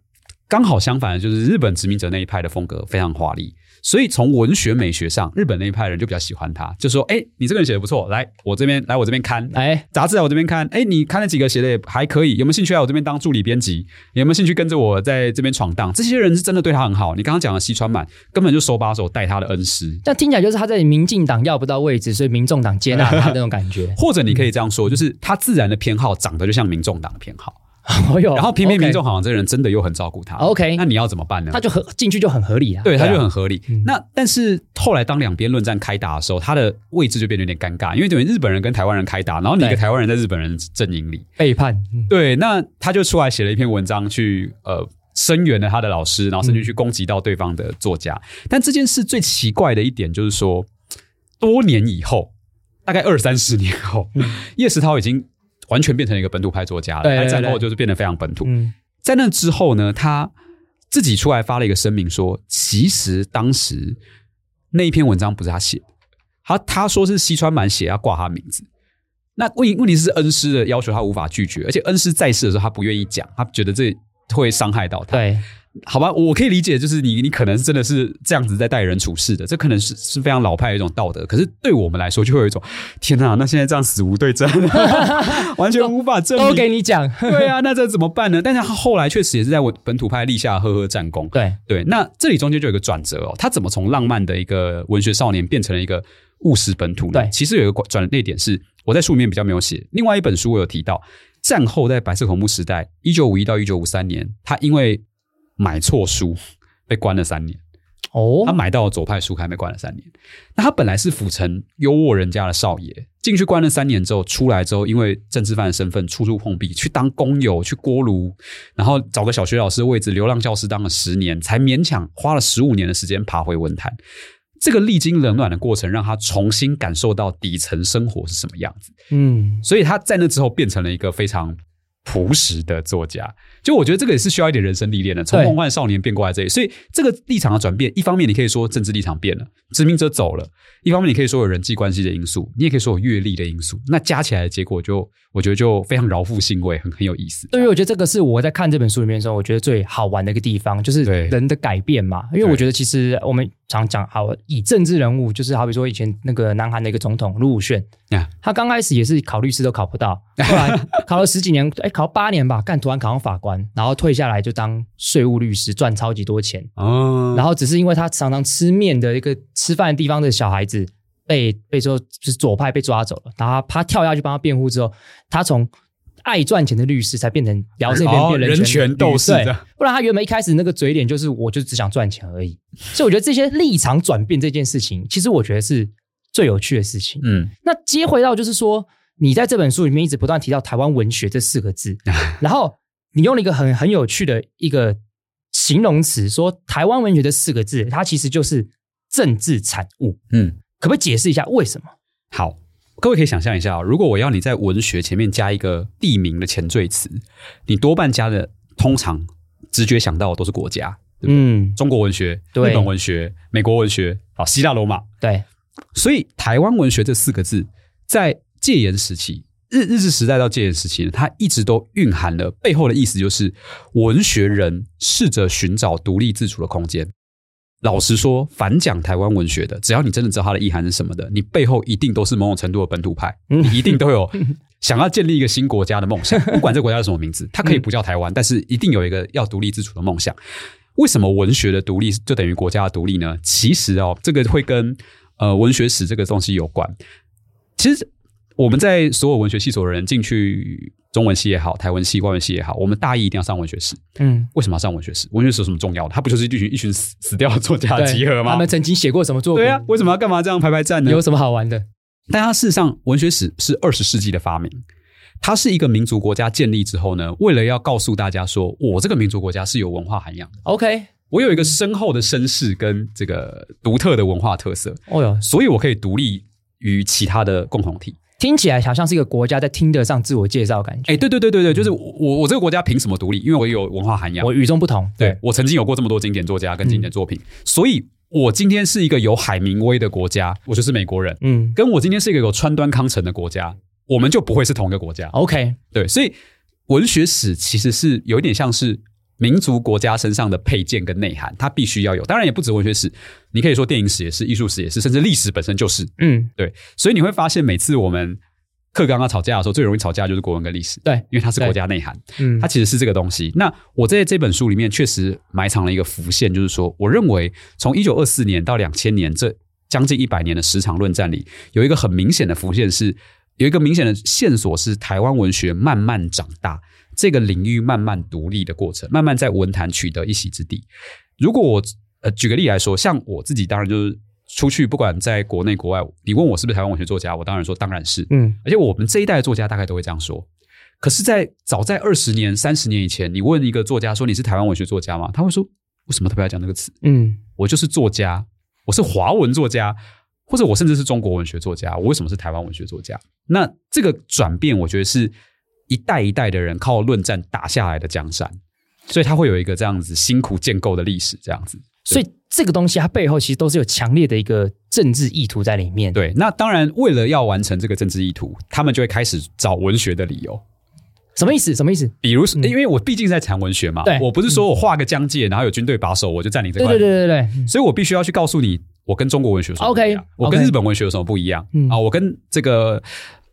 剛好相反的就是日本殖民者那一派的風格非常華麗。所以從文學美學上，日本那一派人就比較喜歡他，就說：“哎、欸，你這個人寫的不錯，來我這邊來我這邊看，哎，雜誌來我這邊看，哎、欸，你看那幾個寫的也還可以，有沒有興趣來我這邊當助理編輯？有沒有興趣跟着我在這邊闖蕩？這些人是真的對他很好。你剛剛講的西川滿根本就手把手帶他的恩師，但聽起來就是他在民進黨要不到位置，所以民眾黨接納他那種感覺。 或者你可以這樣說，就是他自然的偏好長得就像民眾黨的偏好。”有， 然後偏偏，偏民眾好像這人真的又很照顧他。OK，那你要怎麼辦呢？他就合進去就很合理啊。對，他就很合理。啊嗯、那但是後來當兩邊論戰開打的時候，他的位置就變得有點尷尬，因為等於日本人跟台灣人開打，然後你一個台灣人在日本人陣營裡對對背叛。嗯、對，那他就出來寫了一篇文章去呃聲援了他的老師，然後甚至去攻擊到對方的作家。嗯、但這件事最奇怪的一點就是說，多年以後，大概二三十年後，葉、嗯、石濤已經。完全變成一個本土派作家了，對對對對，然他戰後就是變得非常本土。嗯，在那之後呢，他自己出來發了一個聲明說，說其實當時那一篇文章不是他寫的，他，他說是西川滿寫，要掛他名字。那問問題，是恩師的要求，他無法拒絕。而且恩師在世的時候，他不願意講，他覺得這會傷害到他。好吧，我可以理解，就是你，你可能是真的是這樣子在待人處事的，這可能是是非常老派的一種道德。可是對我們來說，就會有一種天哪，那現在這樣死無對證，啊，完全無法證明。都，都給你講，對啊，那這怎麼辦呢？但是他後來確實也是在我本土派立下赫赫戰功。對對，那這裡中間就有一個轉折哦，他怎麼從浪漫的一個文學少年變成了一個務實本土呢？對，其實有一個轉折點是我在書裡面比較沒有寫。另外一本書我有提到，戰後在白色恐怖時代（一九五一到一九五三年），他因為買錯書，被關了三年。哦，他買到了左派書刊，還被關了三年。那他本來是府城優渥人家的少爺，進去關了三年之後，出來之後，因為政治犯的身份，處處碰壁，去當工友，去鍋爐，然後找個小學老師的位置，流浪教師當了十年，才勉強花了十五年的時間爬回文壇。這個歷經冷暖的過程，讓他重新感受到底層生活是什麼樣子。嗯，所以他在那之後變成了一個非常。樸實的作家，就我覺得這個也是需要一點人生歷練的，從夢幻少年變過來這裡，對所以這個立場的轉變，一方面你可以說政治立場變了，殖民者走了，一方面你可以說有人際關係的因素，你也可以說有閱歷的因素，那加起來的結果就，我覺得就非常饒富興味，很很有意思。對於、啊、我覺得這個是我在看這本書裡面的時候，我覺得最好玩的一個地方，就是人的改變嘛。對因為我覺得其實我們。常講好，以政治人物就是好比說以前那個南韓的一個總統盧武鉉，Yeah. 他剛開始也是考律師都考不到，後來考了十幾年， 哎、考八年吧，幹突然考上法官，然後退下來就當稅務律師，賺超級多錢。Oh. 然後只是因為他常常吃麵的一個吃飯的地方的小孩子被被說就是左派被抓走了，然後他，他跳下去幫他辯護之後，他從。愛賺錢的律師才變成聊這邊變人權鬥士，不然他原本一開始那個嘴臉，就是我就只想賺錢而已。所以我覺得這些立場轉變這件事情，其實我覺得是最有趣的事情。嗯，那接回到就是說，你在這本書裡面一直不斷提到台灣文學這四個字，嗯，然後你用了一個很很有趣的一個形容詞，說台灣文學這四個字，它其實就是政治產物。嗯，可不可以解釋一下為什麼？好。各位可以想象一下，如果我要你在文學前面加一個地名的前綴詞，你多半加的通常直覺想到的都是國家，嗯、對不對？中國文學、對日本文學、美國文學，啊，希臘羅馬，對。所以台灣文學這四個字，在戒嚴時期、日日治時代到戒嚴時期呢，它一直都蘊含了背後的意思，就是文學人試着尋找獨立自主的空間。老實說，反講台灣文學的，只要你真的知道它的意涵是什麼的，你背後一定都是某種程度的本土派，你一定都有想要建立一個新國家的夢想。不管這個國家是什麼名字，它可以不叫台灣，但是一定有一個要獨立自主的夢想。為什麼文學的獨立就等於國家的獨立呢？其實哦，這個會跟呃文學史這個東西有關。其實我們在所有文學系所的人進去。中文系也好，台文系、外文系也好，我們大一一定要上文學史。嗯，為什麼要上文學史？文學史有什麼重要的？它不就是一群一群死死掉的作家集合嗎？他們曾經寫過什麼作品？對呀、啊，為什麼要幹嘛這樣排排站呢？有什麼好玩的？但它事實上，文學史是二十世紀的發明。它是一個民族國家建立之後呢，為了要告訴大家說，我這個民族國家是有文化涵養的。OK，我有一個深厚的身世跟這個獨特的文化特色。哦喲呦，所以我可以獨立於其他的共同體。聽起來好像是一個國家在聽得上自我介紹感覺。哎、欸，對對對對對，就是我我這個國家憑什麼獨立？因為我有文化涵養，我與眾不同。對,對，我曾經有過這麼多經典作家跟經典作品，嗯、所以我今天是一個有海明威的國家，我就是美國人。嗯，跟我今天是一個有川端康成的國家，我們就不會是同一個國家。OK，、嗯、對，所以文學史其實是有一點像是。民族國家身上的配件跟內涵，它必須要有。當然，也不止文學史，你可以說電影史也是，藝術史也是，甚至歷史本身就是。嗯，對。所以你會發現，每次我們課綱要吵架的時候，最容易吵架就是國文跟歷史。對，因為它是國家內涵。嗯對，它其實是這個東西。嗯、那我在這本書裡面確實埋藏了一個伏線，就是說，我認為從一九二四年到兩千年這將近一百年的十場論戰裡，有一個很明顯的伏線，是有一個明顯的線索，是台灣文學慢慢長大。這個領域慢慢獨立的過程，慢慢在文壇取得一席之地。如果我呃舉個例來說，像我自己，當然就是出去，不管在國內國外，你問我是不是台灣文學作家，我當然說當然是，嗯。而且我們這一代作家大概都會這樣說。可是，在早在二十年，三十年以前，你問一個作家說，你是台灣文學作家嗎？他會說，為什麼特別要講這個詞？嗯，我就是作家，我是華文作家，或者我甚至是中國文學作家，我為什麼是台灣文學作家？那這個轉變，我覺得是。一代一代的人靠論戰打下來的江山，所以他會有一個這樣子辛苦建構的歷史，這樣子。所以這個東西它背後其實都是有強烈的一個政治意圖在裡面。對，那當然為了要完成這個政治意圖，他們就會開始找文學的理由。什麼意思？什麼意思？比如說，欸、因為我畢竟在談文學嘛，對，我不是說我畫個疆界，然後有軍隊把守，我就佔領這塊。對對對對對。嗯、所以我必須要去告訴你，我跟中國文學有什麼不一樣。OK, okay. 我跟日本文學有什麼不一樣啊？我跟這個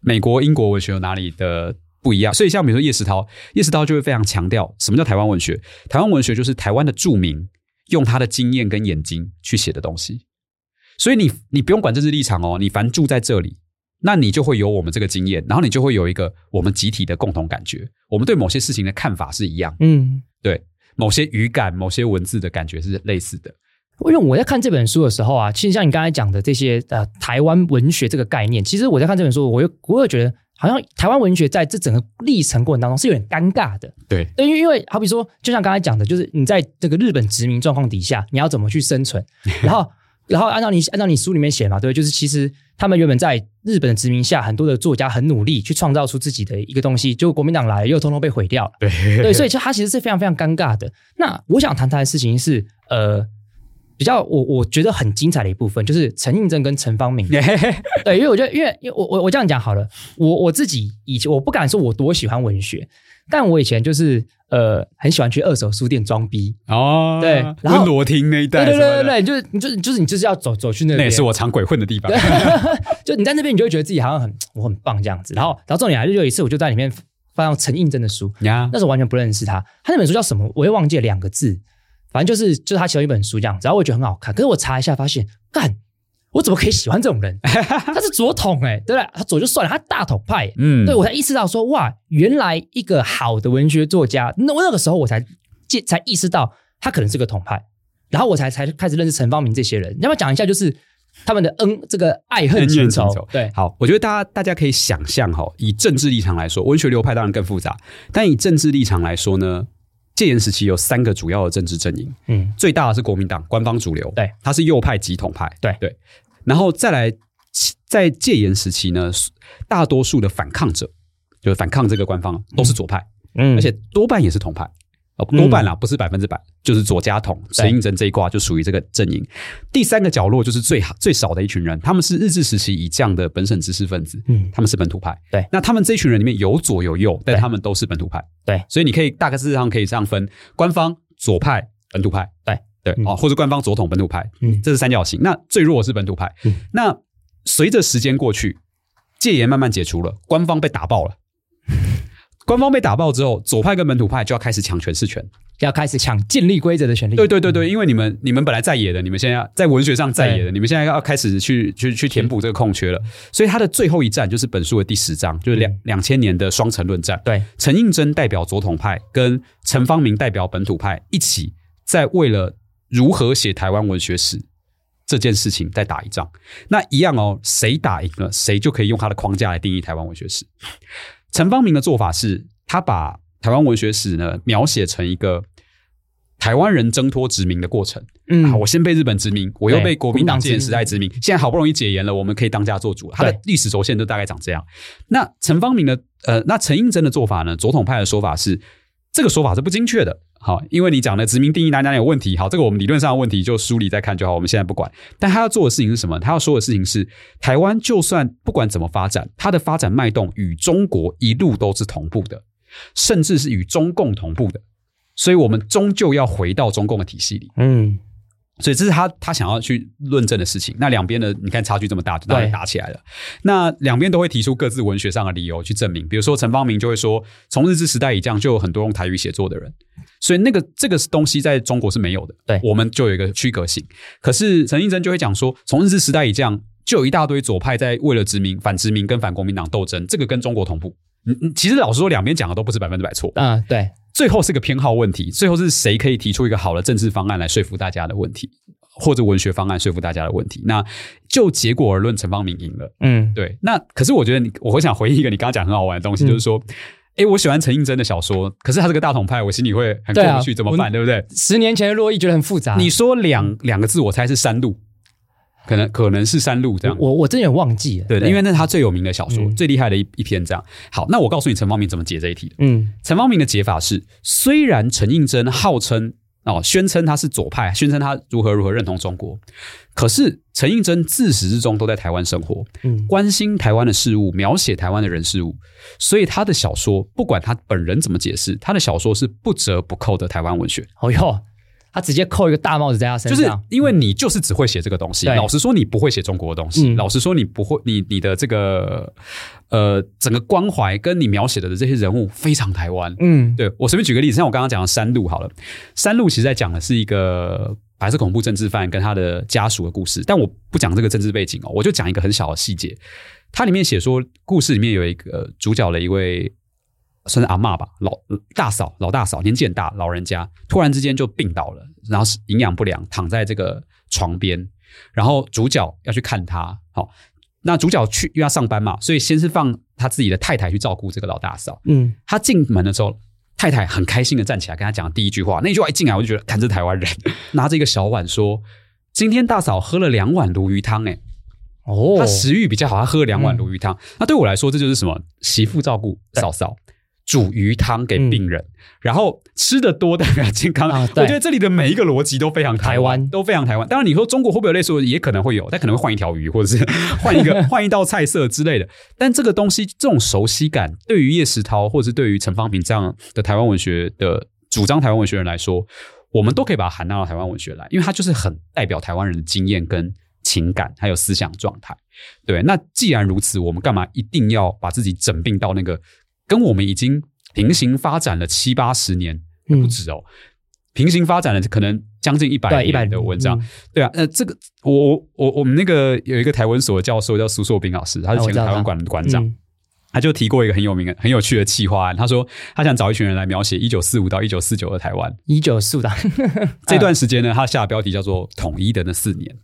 美國、英國文學有哪裡的？不一樣，所以像比如說葉石濤，葉石濤就會非常強調什麼叫台灣文學。台灣文學就是台灣的住民，用他的經驗跟眼睛去寫的東西。所以你你不用管政治立場哦，你反正住在這裡，那你就會有我們這個經驗，然後你就會有一個我們集體的共同感覺，我們對某些事情的看法是一樣。嗯，對，某些語感、某些文字的感覺是類似的。因為我在看這本書的時候啊，其實像你剛才講的這些呃台灣文學這個概念，其實我在看這本書，我又我又覺得。好像台灣文學在這整個歷程過程當中是有點尷尬的，對，因為因為好比說，就像剛才講的，就是你在這個日本殖民狀況底下，你要怎麼去生存？然後，然後按照你按照你書裡面寫嘛，對，就是其實他們原本在日本的殖民下，很多的作家很努力去創造出自己的一個東西，結果國民黨來了又通通被毀掉了，對，所以就他其實是非常非常尷尬的。那我想談談的事情是，呃。比較我我覺得很精彩的一部分就是陳映真跟陳芳明，Yeah. 對，因為我覺得因為因為我我我這樣講好了，我我自己以前我不敢說我多喜歡文學，但我以前就是呃很喜歡去二手書店裝逼哦，oh, 對，然後羅汀那一帶，對對對對對，是你就是就是你，你就是要走走去那那也是我常鬼混的地方，對 就你在那邊你就會覺得自己好像很我很棒這樣子，然後然後重點還是有一次我就在裡面翻到陳映真的書，Yeah. 那時候我完全不認識他，他那本書叫什麼？我也忘記兩個字。反正就是，就是他喜歡一本書這樣子，然後我覺得很好看。可是我查一下發現，幹，我怎麼可以喜歡這種人？ 他是左統哎、欸，對不對？他左就算了，他大統派、欸。嗯，對，我才意識到說，哇，原來一個好的文學作家，那那個時候我才才意識到他可能是個統派。然後我才才開始認識陳方明這些人。要不要講一下，就是他們的恩這個愛恨情仇？嗯、對，好，我覺得大家大家可以想象哈，以政治立場來說，文學流派當然更複雜，但以政治立場來說呢？戒嚴時期有三個主要的政治陣營，嗯，最大的是國民黨官方主流，對，它是右派及統派，對對，然後再來在戒嚴時期呢，大多數的反抗者就是反抗這個官方都是左派，嗯，而且多半也是統派。哦，多半啦，不是百分之百，就是左家統、陳映真這一卦就屬於這個陣營。第三個角落就是最最少的一群人，他們是日治時期以降的本省知識分子，嗯，他們是本土派。對，那他們這群人裡面有左有右，但他們都是本土派。對，所以你可以大概事實上可以這樣分：官方左派本土派，對對哦，或者官方左統本土派，嗯，這是三角形。那最弱的是本土派。那隨着時間過去，戒嚴慢慢解除了，官方被打爆了。官方被打爆之後，左派跟本土派就要開始搶詮釋權，要開始搶建立規則的權利。對對對對，因為你們你們本來在野的，你們現在在文學上在野的，對你們現在要開始去去去填補這個空缺了。是所以他的最後一戰就是本書的第十章，就是兩兩千年的雙陳論戰。對，陳映真代表左統派，跟陳芳明代表本土派一起在為了如何寫台灣文學史這件事情再打一仗。那一樣哦，誰打贏了，誰就可以用他的框架來定義台灣文學史。陳芳明的做法是，他把台灣文學史呢，描寫成一個台灣人掙脫殖民的過程。嗯、啊，我先被日本殖民，我又被國民黨解嚴時代殖民，現在好不容易解嚴了，我們可以當家做主了。他的歷史軸線就大概長這樣。對那陳芳明的呃，那陳映真的做法呢？左統派的說法是，這個說法是不精確的。好，因為你講的殖民定義哪哪哪有問題，好，這個我們理論上的問題就梳理再看就好，我們現在不管。但他要做的事情是什麼？他要說的事情是，台灣就算不管怎麼發展，它的發展脈動與中國一路都是同步的，甚至是與中共同步的，所以我們終究要回到中共的體系裡。嗯。所以這是他他想要去論證的事情。那兩邊的你看差距這麼大，就大家打起來了。對那兩邊都會提出各自文學上的理由去證明。比如說陳芳明就會說，從日治時代以降就有很多用台語寫作的人，所以那個這個東西在中國是沒有的。對，我們就有一個區隔性。可是陳映真就會講說，從日治時代以降就有一大堆左派在為了殖民、反殖民跟反國民黨鬥爭，這個跟中國同步。嗯，其實老實說，兩邊講的都不是百分之百錯。嗯，對。最後是個偏好問題，最後是誰可以提出一個好的政治方案來說服大家的問題，或者文學方案說服大家的問題。那就結果而論，陳芳明贏了。嗯，對。那可是我覺得，你我會想回應一個你剛剛講很好玩的東西，嗯、就是說，哎，我喜歡陳映真的小說，可是他是個大統派，我心裡會很過不去，怎麼辦？對，啊、對不對？十年前的珞亦覺得很複雜。你說兩兩個字，我猜是三度。可能可能是山路這樣，我我真有忘記。對、對、對，因為那是他最有名的小說，嗯、最厲害的一一篇這樣。好，那我告訴你陳芳明怎麼解這一題。嗯，陳芳明的解法是，雖然陳映真號稱哦，宣稱他是左派，宣稱他如何如何認同中國，可是陳映真自始至終都在台灣生活，嗯，關心台灣的事物，描寫台灣的人事物，所以他的小說不管他本人怎麼解釋，他的小說是不折不扣的台灣文學。哦喲。嗯他直接扣一個大帽子在他身上，就是因為你就是只會寫這個東西。嗯、老實說，你不會寫中國的東西。對老實說，你不會，你你的這個呃，整個關懷跟你描寫的這些人物非常台灣。嗯，對我隨便舉個例子，像我剛剛講的《山路》好了，《山路》好了，《山路》其實在講的是一個白色恐怖政治犯跟他的家屬的故事，但我不講這個政治背景哦，我就講一個很小的細節。它裡面寫說，故事裡面有一個、呃、主角的一位。算是阿嬤吧，老大嫂，老大嫂年紀很大，老人家突然之間就病倒了，然後是營養不良，躺在這個床邊，然後主角要去看他。好、哦，那主角去又要上班嘛，所以先是放他自己的太太去照顧這個老大嫂。嗯，他進門的時候，太太很開心的站起來跟他講第一句話，那一句話一進來我就覺得，看這台灣人、嗯、拿着一個小碗說：“今天大嫂喝了兩碗鱸魚湯、欸。”誒。哦，他食欲比較好，他喝了兩碗鱸魚湯。那、嗯、對我來說，這就是什麼媳婦照顧嫂嫂。煮魚湯給病人，嗯、然後吃得多當然健康。啊、我覺得這裡的每一個邏輯都非常台灣，台灣都非常台灣。當然，你說中國會不會有類似的？也可能會有，但可能會換一條魚，或者是換一個 換一道菜色之類的。但這個東西，這種熟悉感，對於葉石濤，或者是對於陳芳明這樣的台灣文學的主張，台灣文學人來說，我們都可以把它涵納到台灣文學來，因為它就是很代表台灣人的經驗、跟情感，還有思想狀態。對，那既然如此，我們幹嘛一定要把自己整病到那個？跟我們已經平行發展了七八十年也不止哦，嗯、平行發展了可能將近一百年的文章，對，嗯、對啊，那、呃、這個我我我我們那個有一個台文所的教授叫蘇碩斌老師，他是前台灣館的館長，啊他，嗯、他就提過一個很有名的、很有趣的企劃案，他說他想找一群人來描寫一九四五到一九四九的台灣，一九四到這段時間呢，他下標題叫做“統一的那四年”。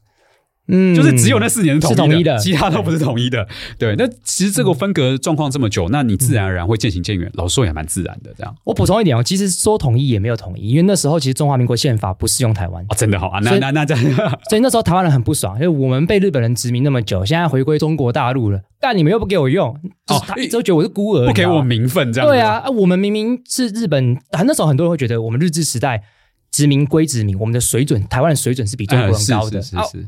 嗯，就是只有那四年是統一的，其他都不是統一的。對，那其實這個分隔狀況這麼久，那你自然而然會漸行漸遠，老說也蠻自然的。這樣，我補充一點哦，其實說統一也沒有統一，因為那時候其實中華民國憲法不適用台灣。哦，真的好啊，那那那這樣，所以那時候台灣人很不爽，因為我們被日本人殖民那麼久，現在回歸中國大陸了，但你們又不給我用，哦，他一直都覺得我是孤兒，不給我名分這樣。對啊，我們明明是日本，啊，那時候很多人會覺得我們日治時代。殖民歸殖民，我們的水準，台灣的水準是比中國高、高的。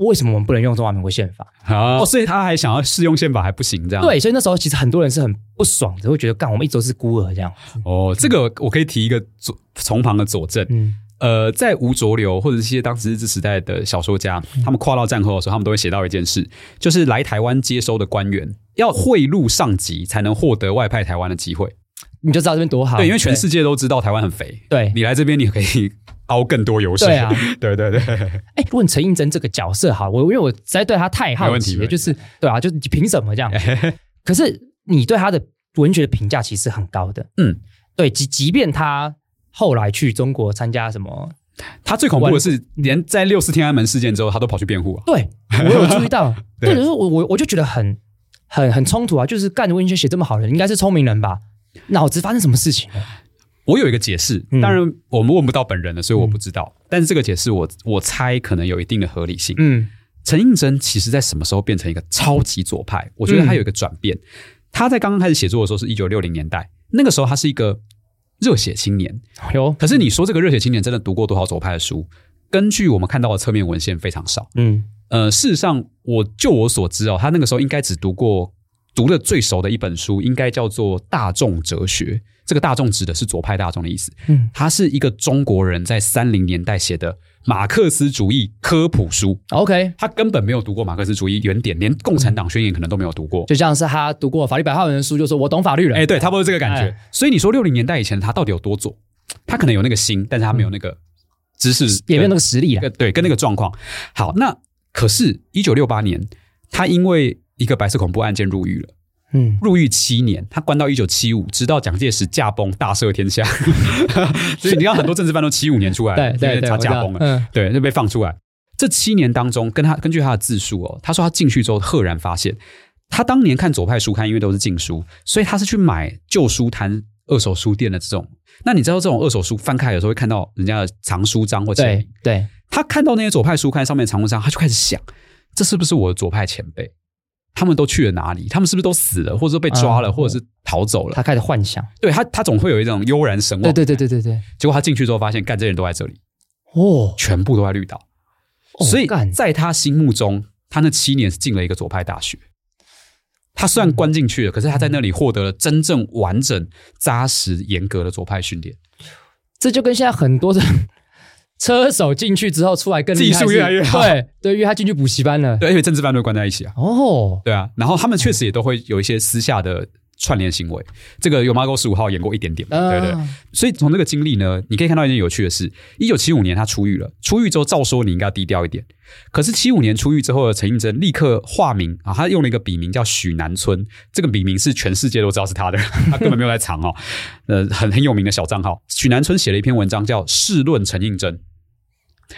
為什麼我們不能用中華民國憲法？啊，哦，所以他還想要適用憲法還不行這樣。對，所以那時候其實很多人是很不爽的，會覺得幹我們一直都是孤兒這樣。哦，這個我可以提一個佐從旁的佐證。嗯，呃，在吳濁流或者是一些當時日治時代的小說家，嗯，他們跨到戰後的時候，他們都會寫到一件事，就是來台灣接收的官員要賄賂上級才能獲得外派台灣的機會。你就知道這邊多好，對，因為全世界都知道台灣很肥，對，對，你來這邊你可以。熬更多遊戲，對啊， 對對對。哎、欸，問陳映真這個角色哈，我因為我實在對他太好奇就是對啊，就是你憑什麼這樣？欸、嘿嘿，可是你對他的文學評價其實很高的，嗯，對，即即便他後來去中國參加什麼，他最恐怖的是文連在六四天安門事件之後，他都跑去辯護、啊。對，我有注意到， 對，對，就是我我我就覺得很很很衝突啊，就是幹文學寫這麼好的，人，應該是聰明人吧？腦子發生什麼事情了？我有一個解釋，嗯、當然我們問不到本人了，所以我不知道。嗯、但是這個解釋，我我猜可能有一定的合理性。嗯，陳映真其實在什麼時候變成一個超級左派？我覺得他有一個轉變。嗯、他在剛剛開始寫作的時候是1960年代，那個時候他是一個熱血青年。哎、呦可是你說這個熱血青年真的讀過多少左派的書？根據我們看到的側面文獻非常少。嗯，呃，事實上，我就我所知哦，他那個時候應該只讀過。讀的最熟的一本書應該叫做《大眾哲學》，這個“大眾”指的是左派大眾的意思。嗯，他是一個中國人，在三零年代寫的馬克思主義科普書。OK，他根本沒有讀過馬克思主義原點，連《共產黨宣言》可能都沒有讀過。就像是他讀過《法律白話文》的書，就是說我懂法律了。哎，對，差不多這個感覺。哎、所以你說六零年代以前他到底有多左？他可能有那個心，但是他沒有那個知識，也沒有那個實力。對，跟那個狀況。好，那可是，一九六八年，他因為。一個白色恐怖案件入獄了，嗯，入獄七年，他關到一九七五，直到蔣介石駕崩，大赦天下。 所以你看，很多政治犯都七五年出來，對，他駕崩了，嗯、對，就被放出來。這七年當中，跟他根據他的自述哦，他說他進去之後，赫然發現他當年看左派書刊，因為都是禁書，所以他是去買舊書攤、二手書店的這種。那你知道，這種二手書翻開有時候會看到人家的藏書章或簽名。對，對，他看到那些左派書刊上面藏書章，他就開始想，這是不是我的左派前輩？他們都去了哪裡？他們是不是都死了，或者說被抓了，嗯、或者是逃走了？他開始幻想，對他，他總會有一種悠然神往、嗯。對對對對對，對，對。結果他進去之後發現，幹這些人都在這裡，哦，全部都在綠島。哦、所以在他心目中，哦、他那七年是進了一個左派大學。他雖然關進去了，嗯、可是他在那裡獲得了真正完整、紮實、嚴格的左派訓練。這就跟現在很多的。 車手進去之後出來更技術越來越好，對對，因為他進去補習班了，越來越好哦、對，因為政治班都關在一起啊。哦，對啊，然後他們確實也都會有一些私下的。串聯行為，這個有馬哥十五號演過一點點，uh、對不對，所以從這個經歷呢，你可以看到一件有趣的事：一九七五年他出獄了，出獄之後照說你應該要低調一點，可是七五年出獄之後的陳映真立刻化名啊，他用了一個筆名叫許南村，這個筆名是全世界都知道是他的，他根本沒有在藏哦， 呃，很很有名的小賬號，許南村寫了一篇文章叫《試論陳映真》，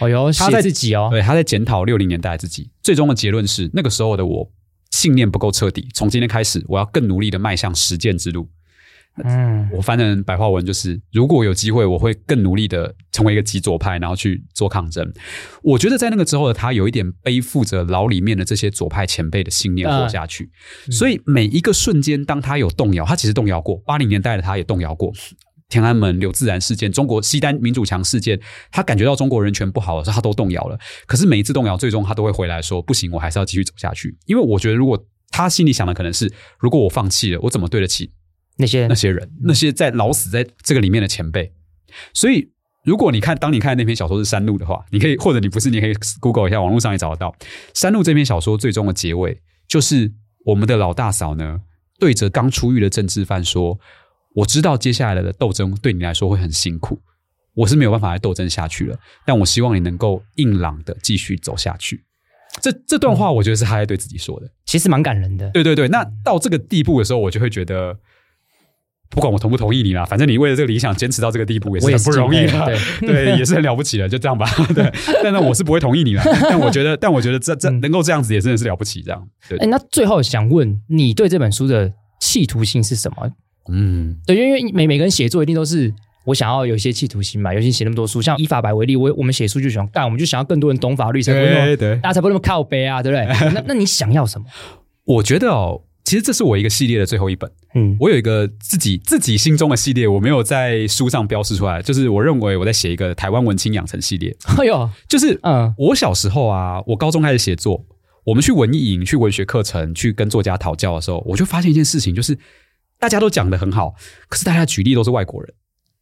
哦，呦，他在、哦、自己哦，對，他在檢討六零年代自己，最終的結論是那個時候的我。信念不夠徹底。從今天開始，我要更努力的邁向實踐之路。嗯，我翻成白話文就是，如果有機會，我會更努力的成為一個極左派，然後去做抗爭。我覺得在那個之後的，他有一點背負着牢裡面的這些左派前輩的信念活下去。嗯。所以每一個瞬間，當他有動搖，他其實動搖過。八零年代的他也動搖過。天安門柳自然事件，中國西單民主牆事件，他感覺到中國人權不好的時候，他都動搖了。可是每一次動搖，最終他都會回來說：“不行，我還是要繼續走下去。”因為我覺得，如果他心裡想的可能是：如果我放棄了，我怎麼對得起那些那些人，那些在老死在這個裡面的前輩？所以，如果你看，當你看那篇小說是《山路》的話，你可以，或者你不是，你可以 Google 一下，網絡上也找得到《山路》這篇小說最終的結尾，就是我們的老大嫂呢，對着剛出獄的政治犯說。我知道接下來的鬥爭對你來說會很辛苦，我是沒有辦法再鬥爭下去了。但我希望你能夠硬朗的繼續走下去。這這段話我覺得是他在對自己說的，其實蠻感人的。對對對，那到這個地步的時候，我就會覺得，不管我同不同意你啦，反正你為了這個理想堅持到這個地步，也是很不容易了。的對， 對，也是很了不起的，就這樣吧。對，但那我是不會同意你的。 但我覺得，但我覺得這這、嗯、能夠這樣子，也真的是了不起，這樣。對，欸、那最後想問你，對這本書的企圖性是什麼？嗯，對，因為每每個人寫作一定都是我想要有一些企圖心嘛，尤其寫那麼多書，像以法白為例，我我們寫書就喜歡幹，我們就想要更多人懂法律，才會對，對，大家才不那麼靠背啊，對不對？ 那那你想要什麼？我覺得哦，其實這是我一個系列的最後一本。嗯，我有一個自己自己心中的系列，我沒有在書上標示出來，就是我認為我在寫一個台灣文青養成系列。哎呦，就是嗯，我小時候啊，我高中開始寫作，我們去文藝營、嗯、去文學課程、去跟作家討教的時候，我就發現一件事情，就是。大家都講得很好，可是大家舉例都是外國人。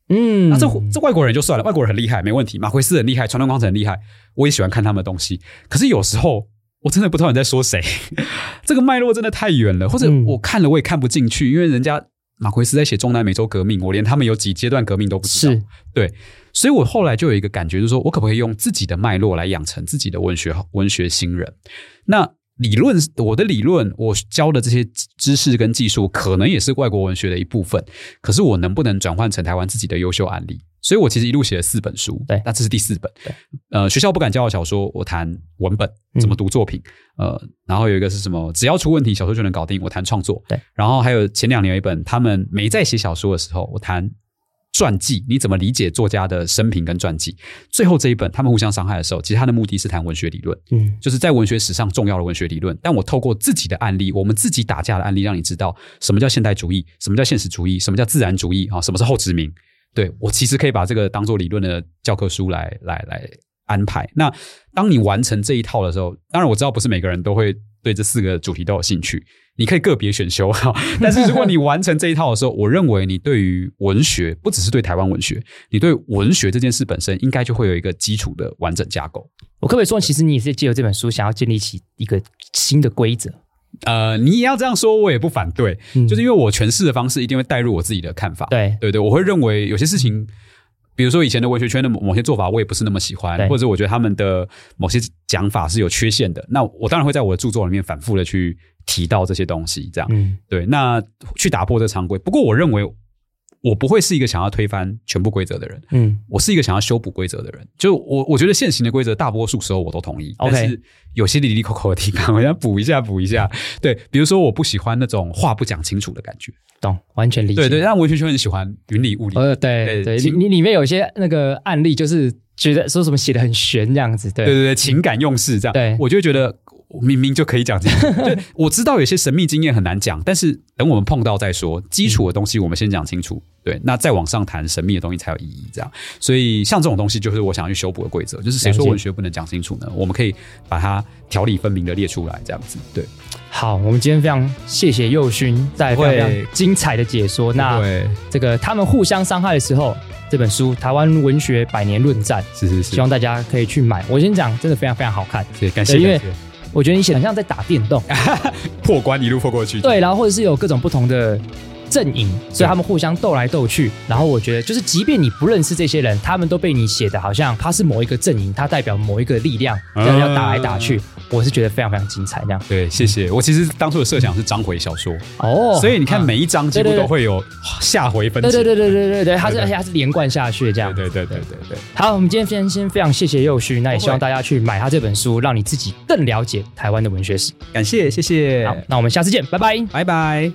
嗯，那、啊、這這外國人就算了，外國人很厲害，沒問題。馬奎斯很厲害，川端康成很厲害，我也喜歡看他們的東西。可是有時候我真的不知道你在說誰？ 這個脈絡真的太遠了，或者我看了我也看不進去，嗯、因為人家馬奎斯在寫中南美洲革命，我連他們有幾階段革命都不知道。是對，所以我後來就有一個感覺，就是說我可不可以用自己的脈絡來養成自己的文學文學新人？那。理論，我的理論，我教的這些知識跟技術，可能也是外國文學的一部分。可是我能不能轉換成台灣自己的優秀案例？所以我其實一路寫了四本書，對，那這是第四本。對，呃，學校不敢教的小說，我談文本怎麼讀作品。嗯、呃，然後有一個是什麼？只要出問題，小說就能搞定，我談創作。對，然後還有前兩年有一本，他們沒在寫小說的時候，我談。傳記，你怎麼理解作家的生平跟傳記？最後這一本，他們互相傷害的時候，其實他的目的是談文學理論，嗯，就是在文學史上重要的文學理論。但我透過自己的案例，我們自己打架的案例，讓你知道什麼叫現代主義，什麼叫現實主義，什麼叫自然主義，什麼是後殖民？對，我其實可以把這個當做理論的教科書來來來。來安排。那當你完成這一套的時候，當然我知道不是每個人都會對這四個主題都有興趣，你可以個別選修哈。但是如果你完成這一套的時候， 我認為你對於文學，不只是對台灣文學，你對文學這件事本身，應該就會有一個基礎的完整架構。我可不可以說，對其實你也是借由這本書，想要建立起一個新的規則？呃，你也要這樣說，我也不反對。嗯、就是因為我詮釋的方式，一定會帶入我自己的看法。對，對對對，我會認為有些事情。比如說以前的文學圈的某些做法，我也不是那麼喜歡，對或者是我覺得他們的某些講法是有缺陷的，那我當然會在我的著作裡面反覆的去提到這些東西，這樣，嗯、對，那去打破這常規。不過我認為。我不會是一個想要推翻全部規則的人，嗯，我是一個想要修補規則的人。就我，我覺得現行的規則大多數時候我都同意，Okay. 但是有些里里口口的地方，我想補一，補一下，補一下。對，比如說我不喜歡那種話不講清楚的感覺，懂，完全理解。對對，但文學圈很喜歡雲裡霧裡。呃、哦，對對，你裡面有些那個案例，就是覺得說什麼寫的很玄這樣子，對對對，情感用事這樣，嗯、對，我就覺得。明明就可以講這樣，對，我知道有些神秘經驗很難講，但是等我們碰到再說。基礎的東西我們先講清楚，對，那再往上談神秘的東西才有意義，這樣。所以像這種東西，就是我想要去修補的規則，就是誰說文學不能講清楚呢？我們可以把它條理分明的列出來，這樣子，對。好，我們今天非常謝謝宥勳在非常，非常不會 精彩的解說。那這個他們互相傷害的時候，這本書《台灣文學百年論戰》，是是是，希望大家可以去買。我先講，真的非常非常好看，對，感謝，因為。我覺得你寫的，像在打電動， 破關一路破過去，對，然後或者是有各種不同的。陣營，所以他們互相鬥來鬥去。然後我覺得，就是即便你不認識這些人，他們都被你寫的好像他是某一個陣營，他代表某一個力量，這、就、樣、是、要打來打去。嗯、我是覺得非常非常精彩，這樣。對，謝謝。嗯、我其實當初的設想是章回小說哦，所以你看每一章幾乎都會有、啊、對對對下回分解。對對對對對對對，它是對對對他是連貫下去這樣。對對對對對。好，我們今天先先非常謝謝宥勳，那也希望大家去買他這本書，讓你自己更了解台灣的文學史。感謝謝謝。好，那我們下次見，拜拜拜拜。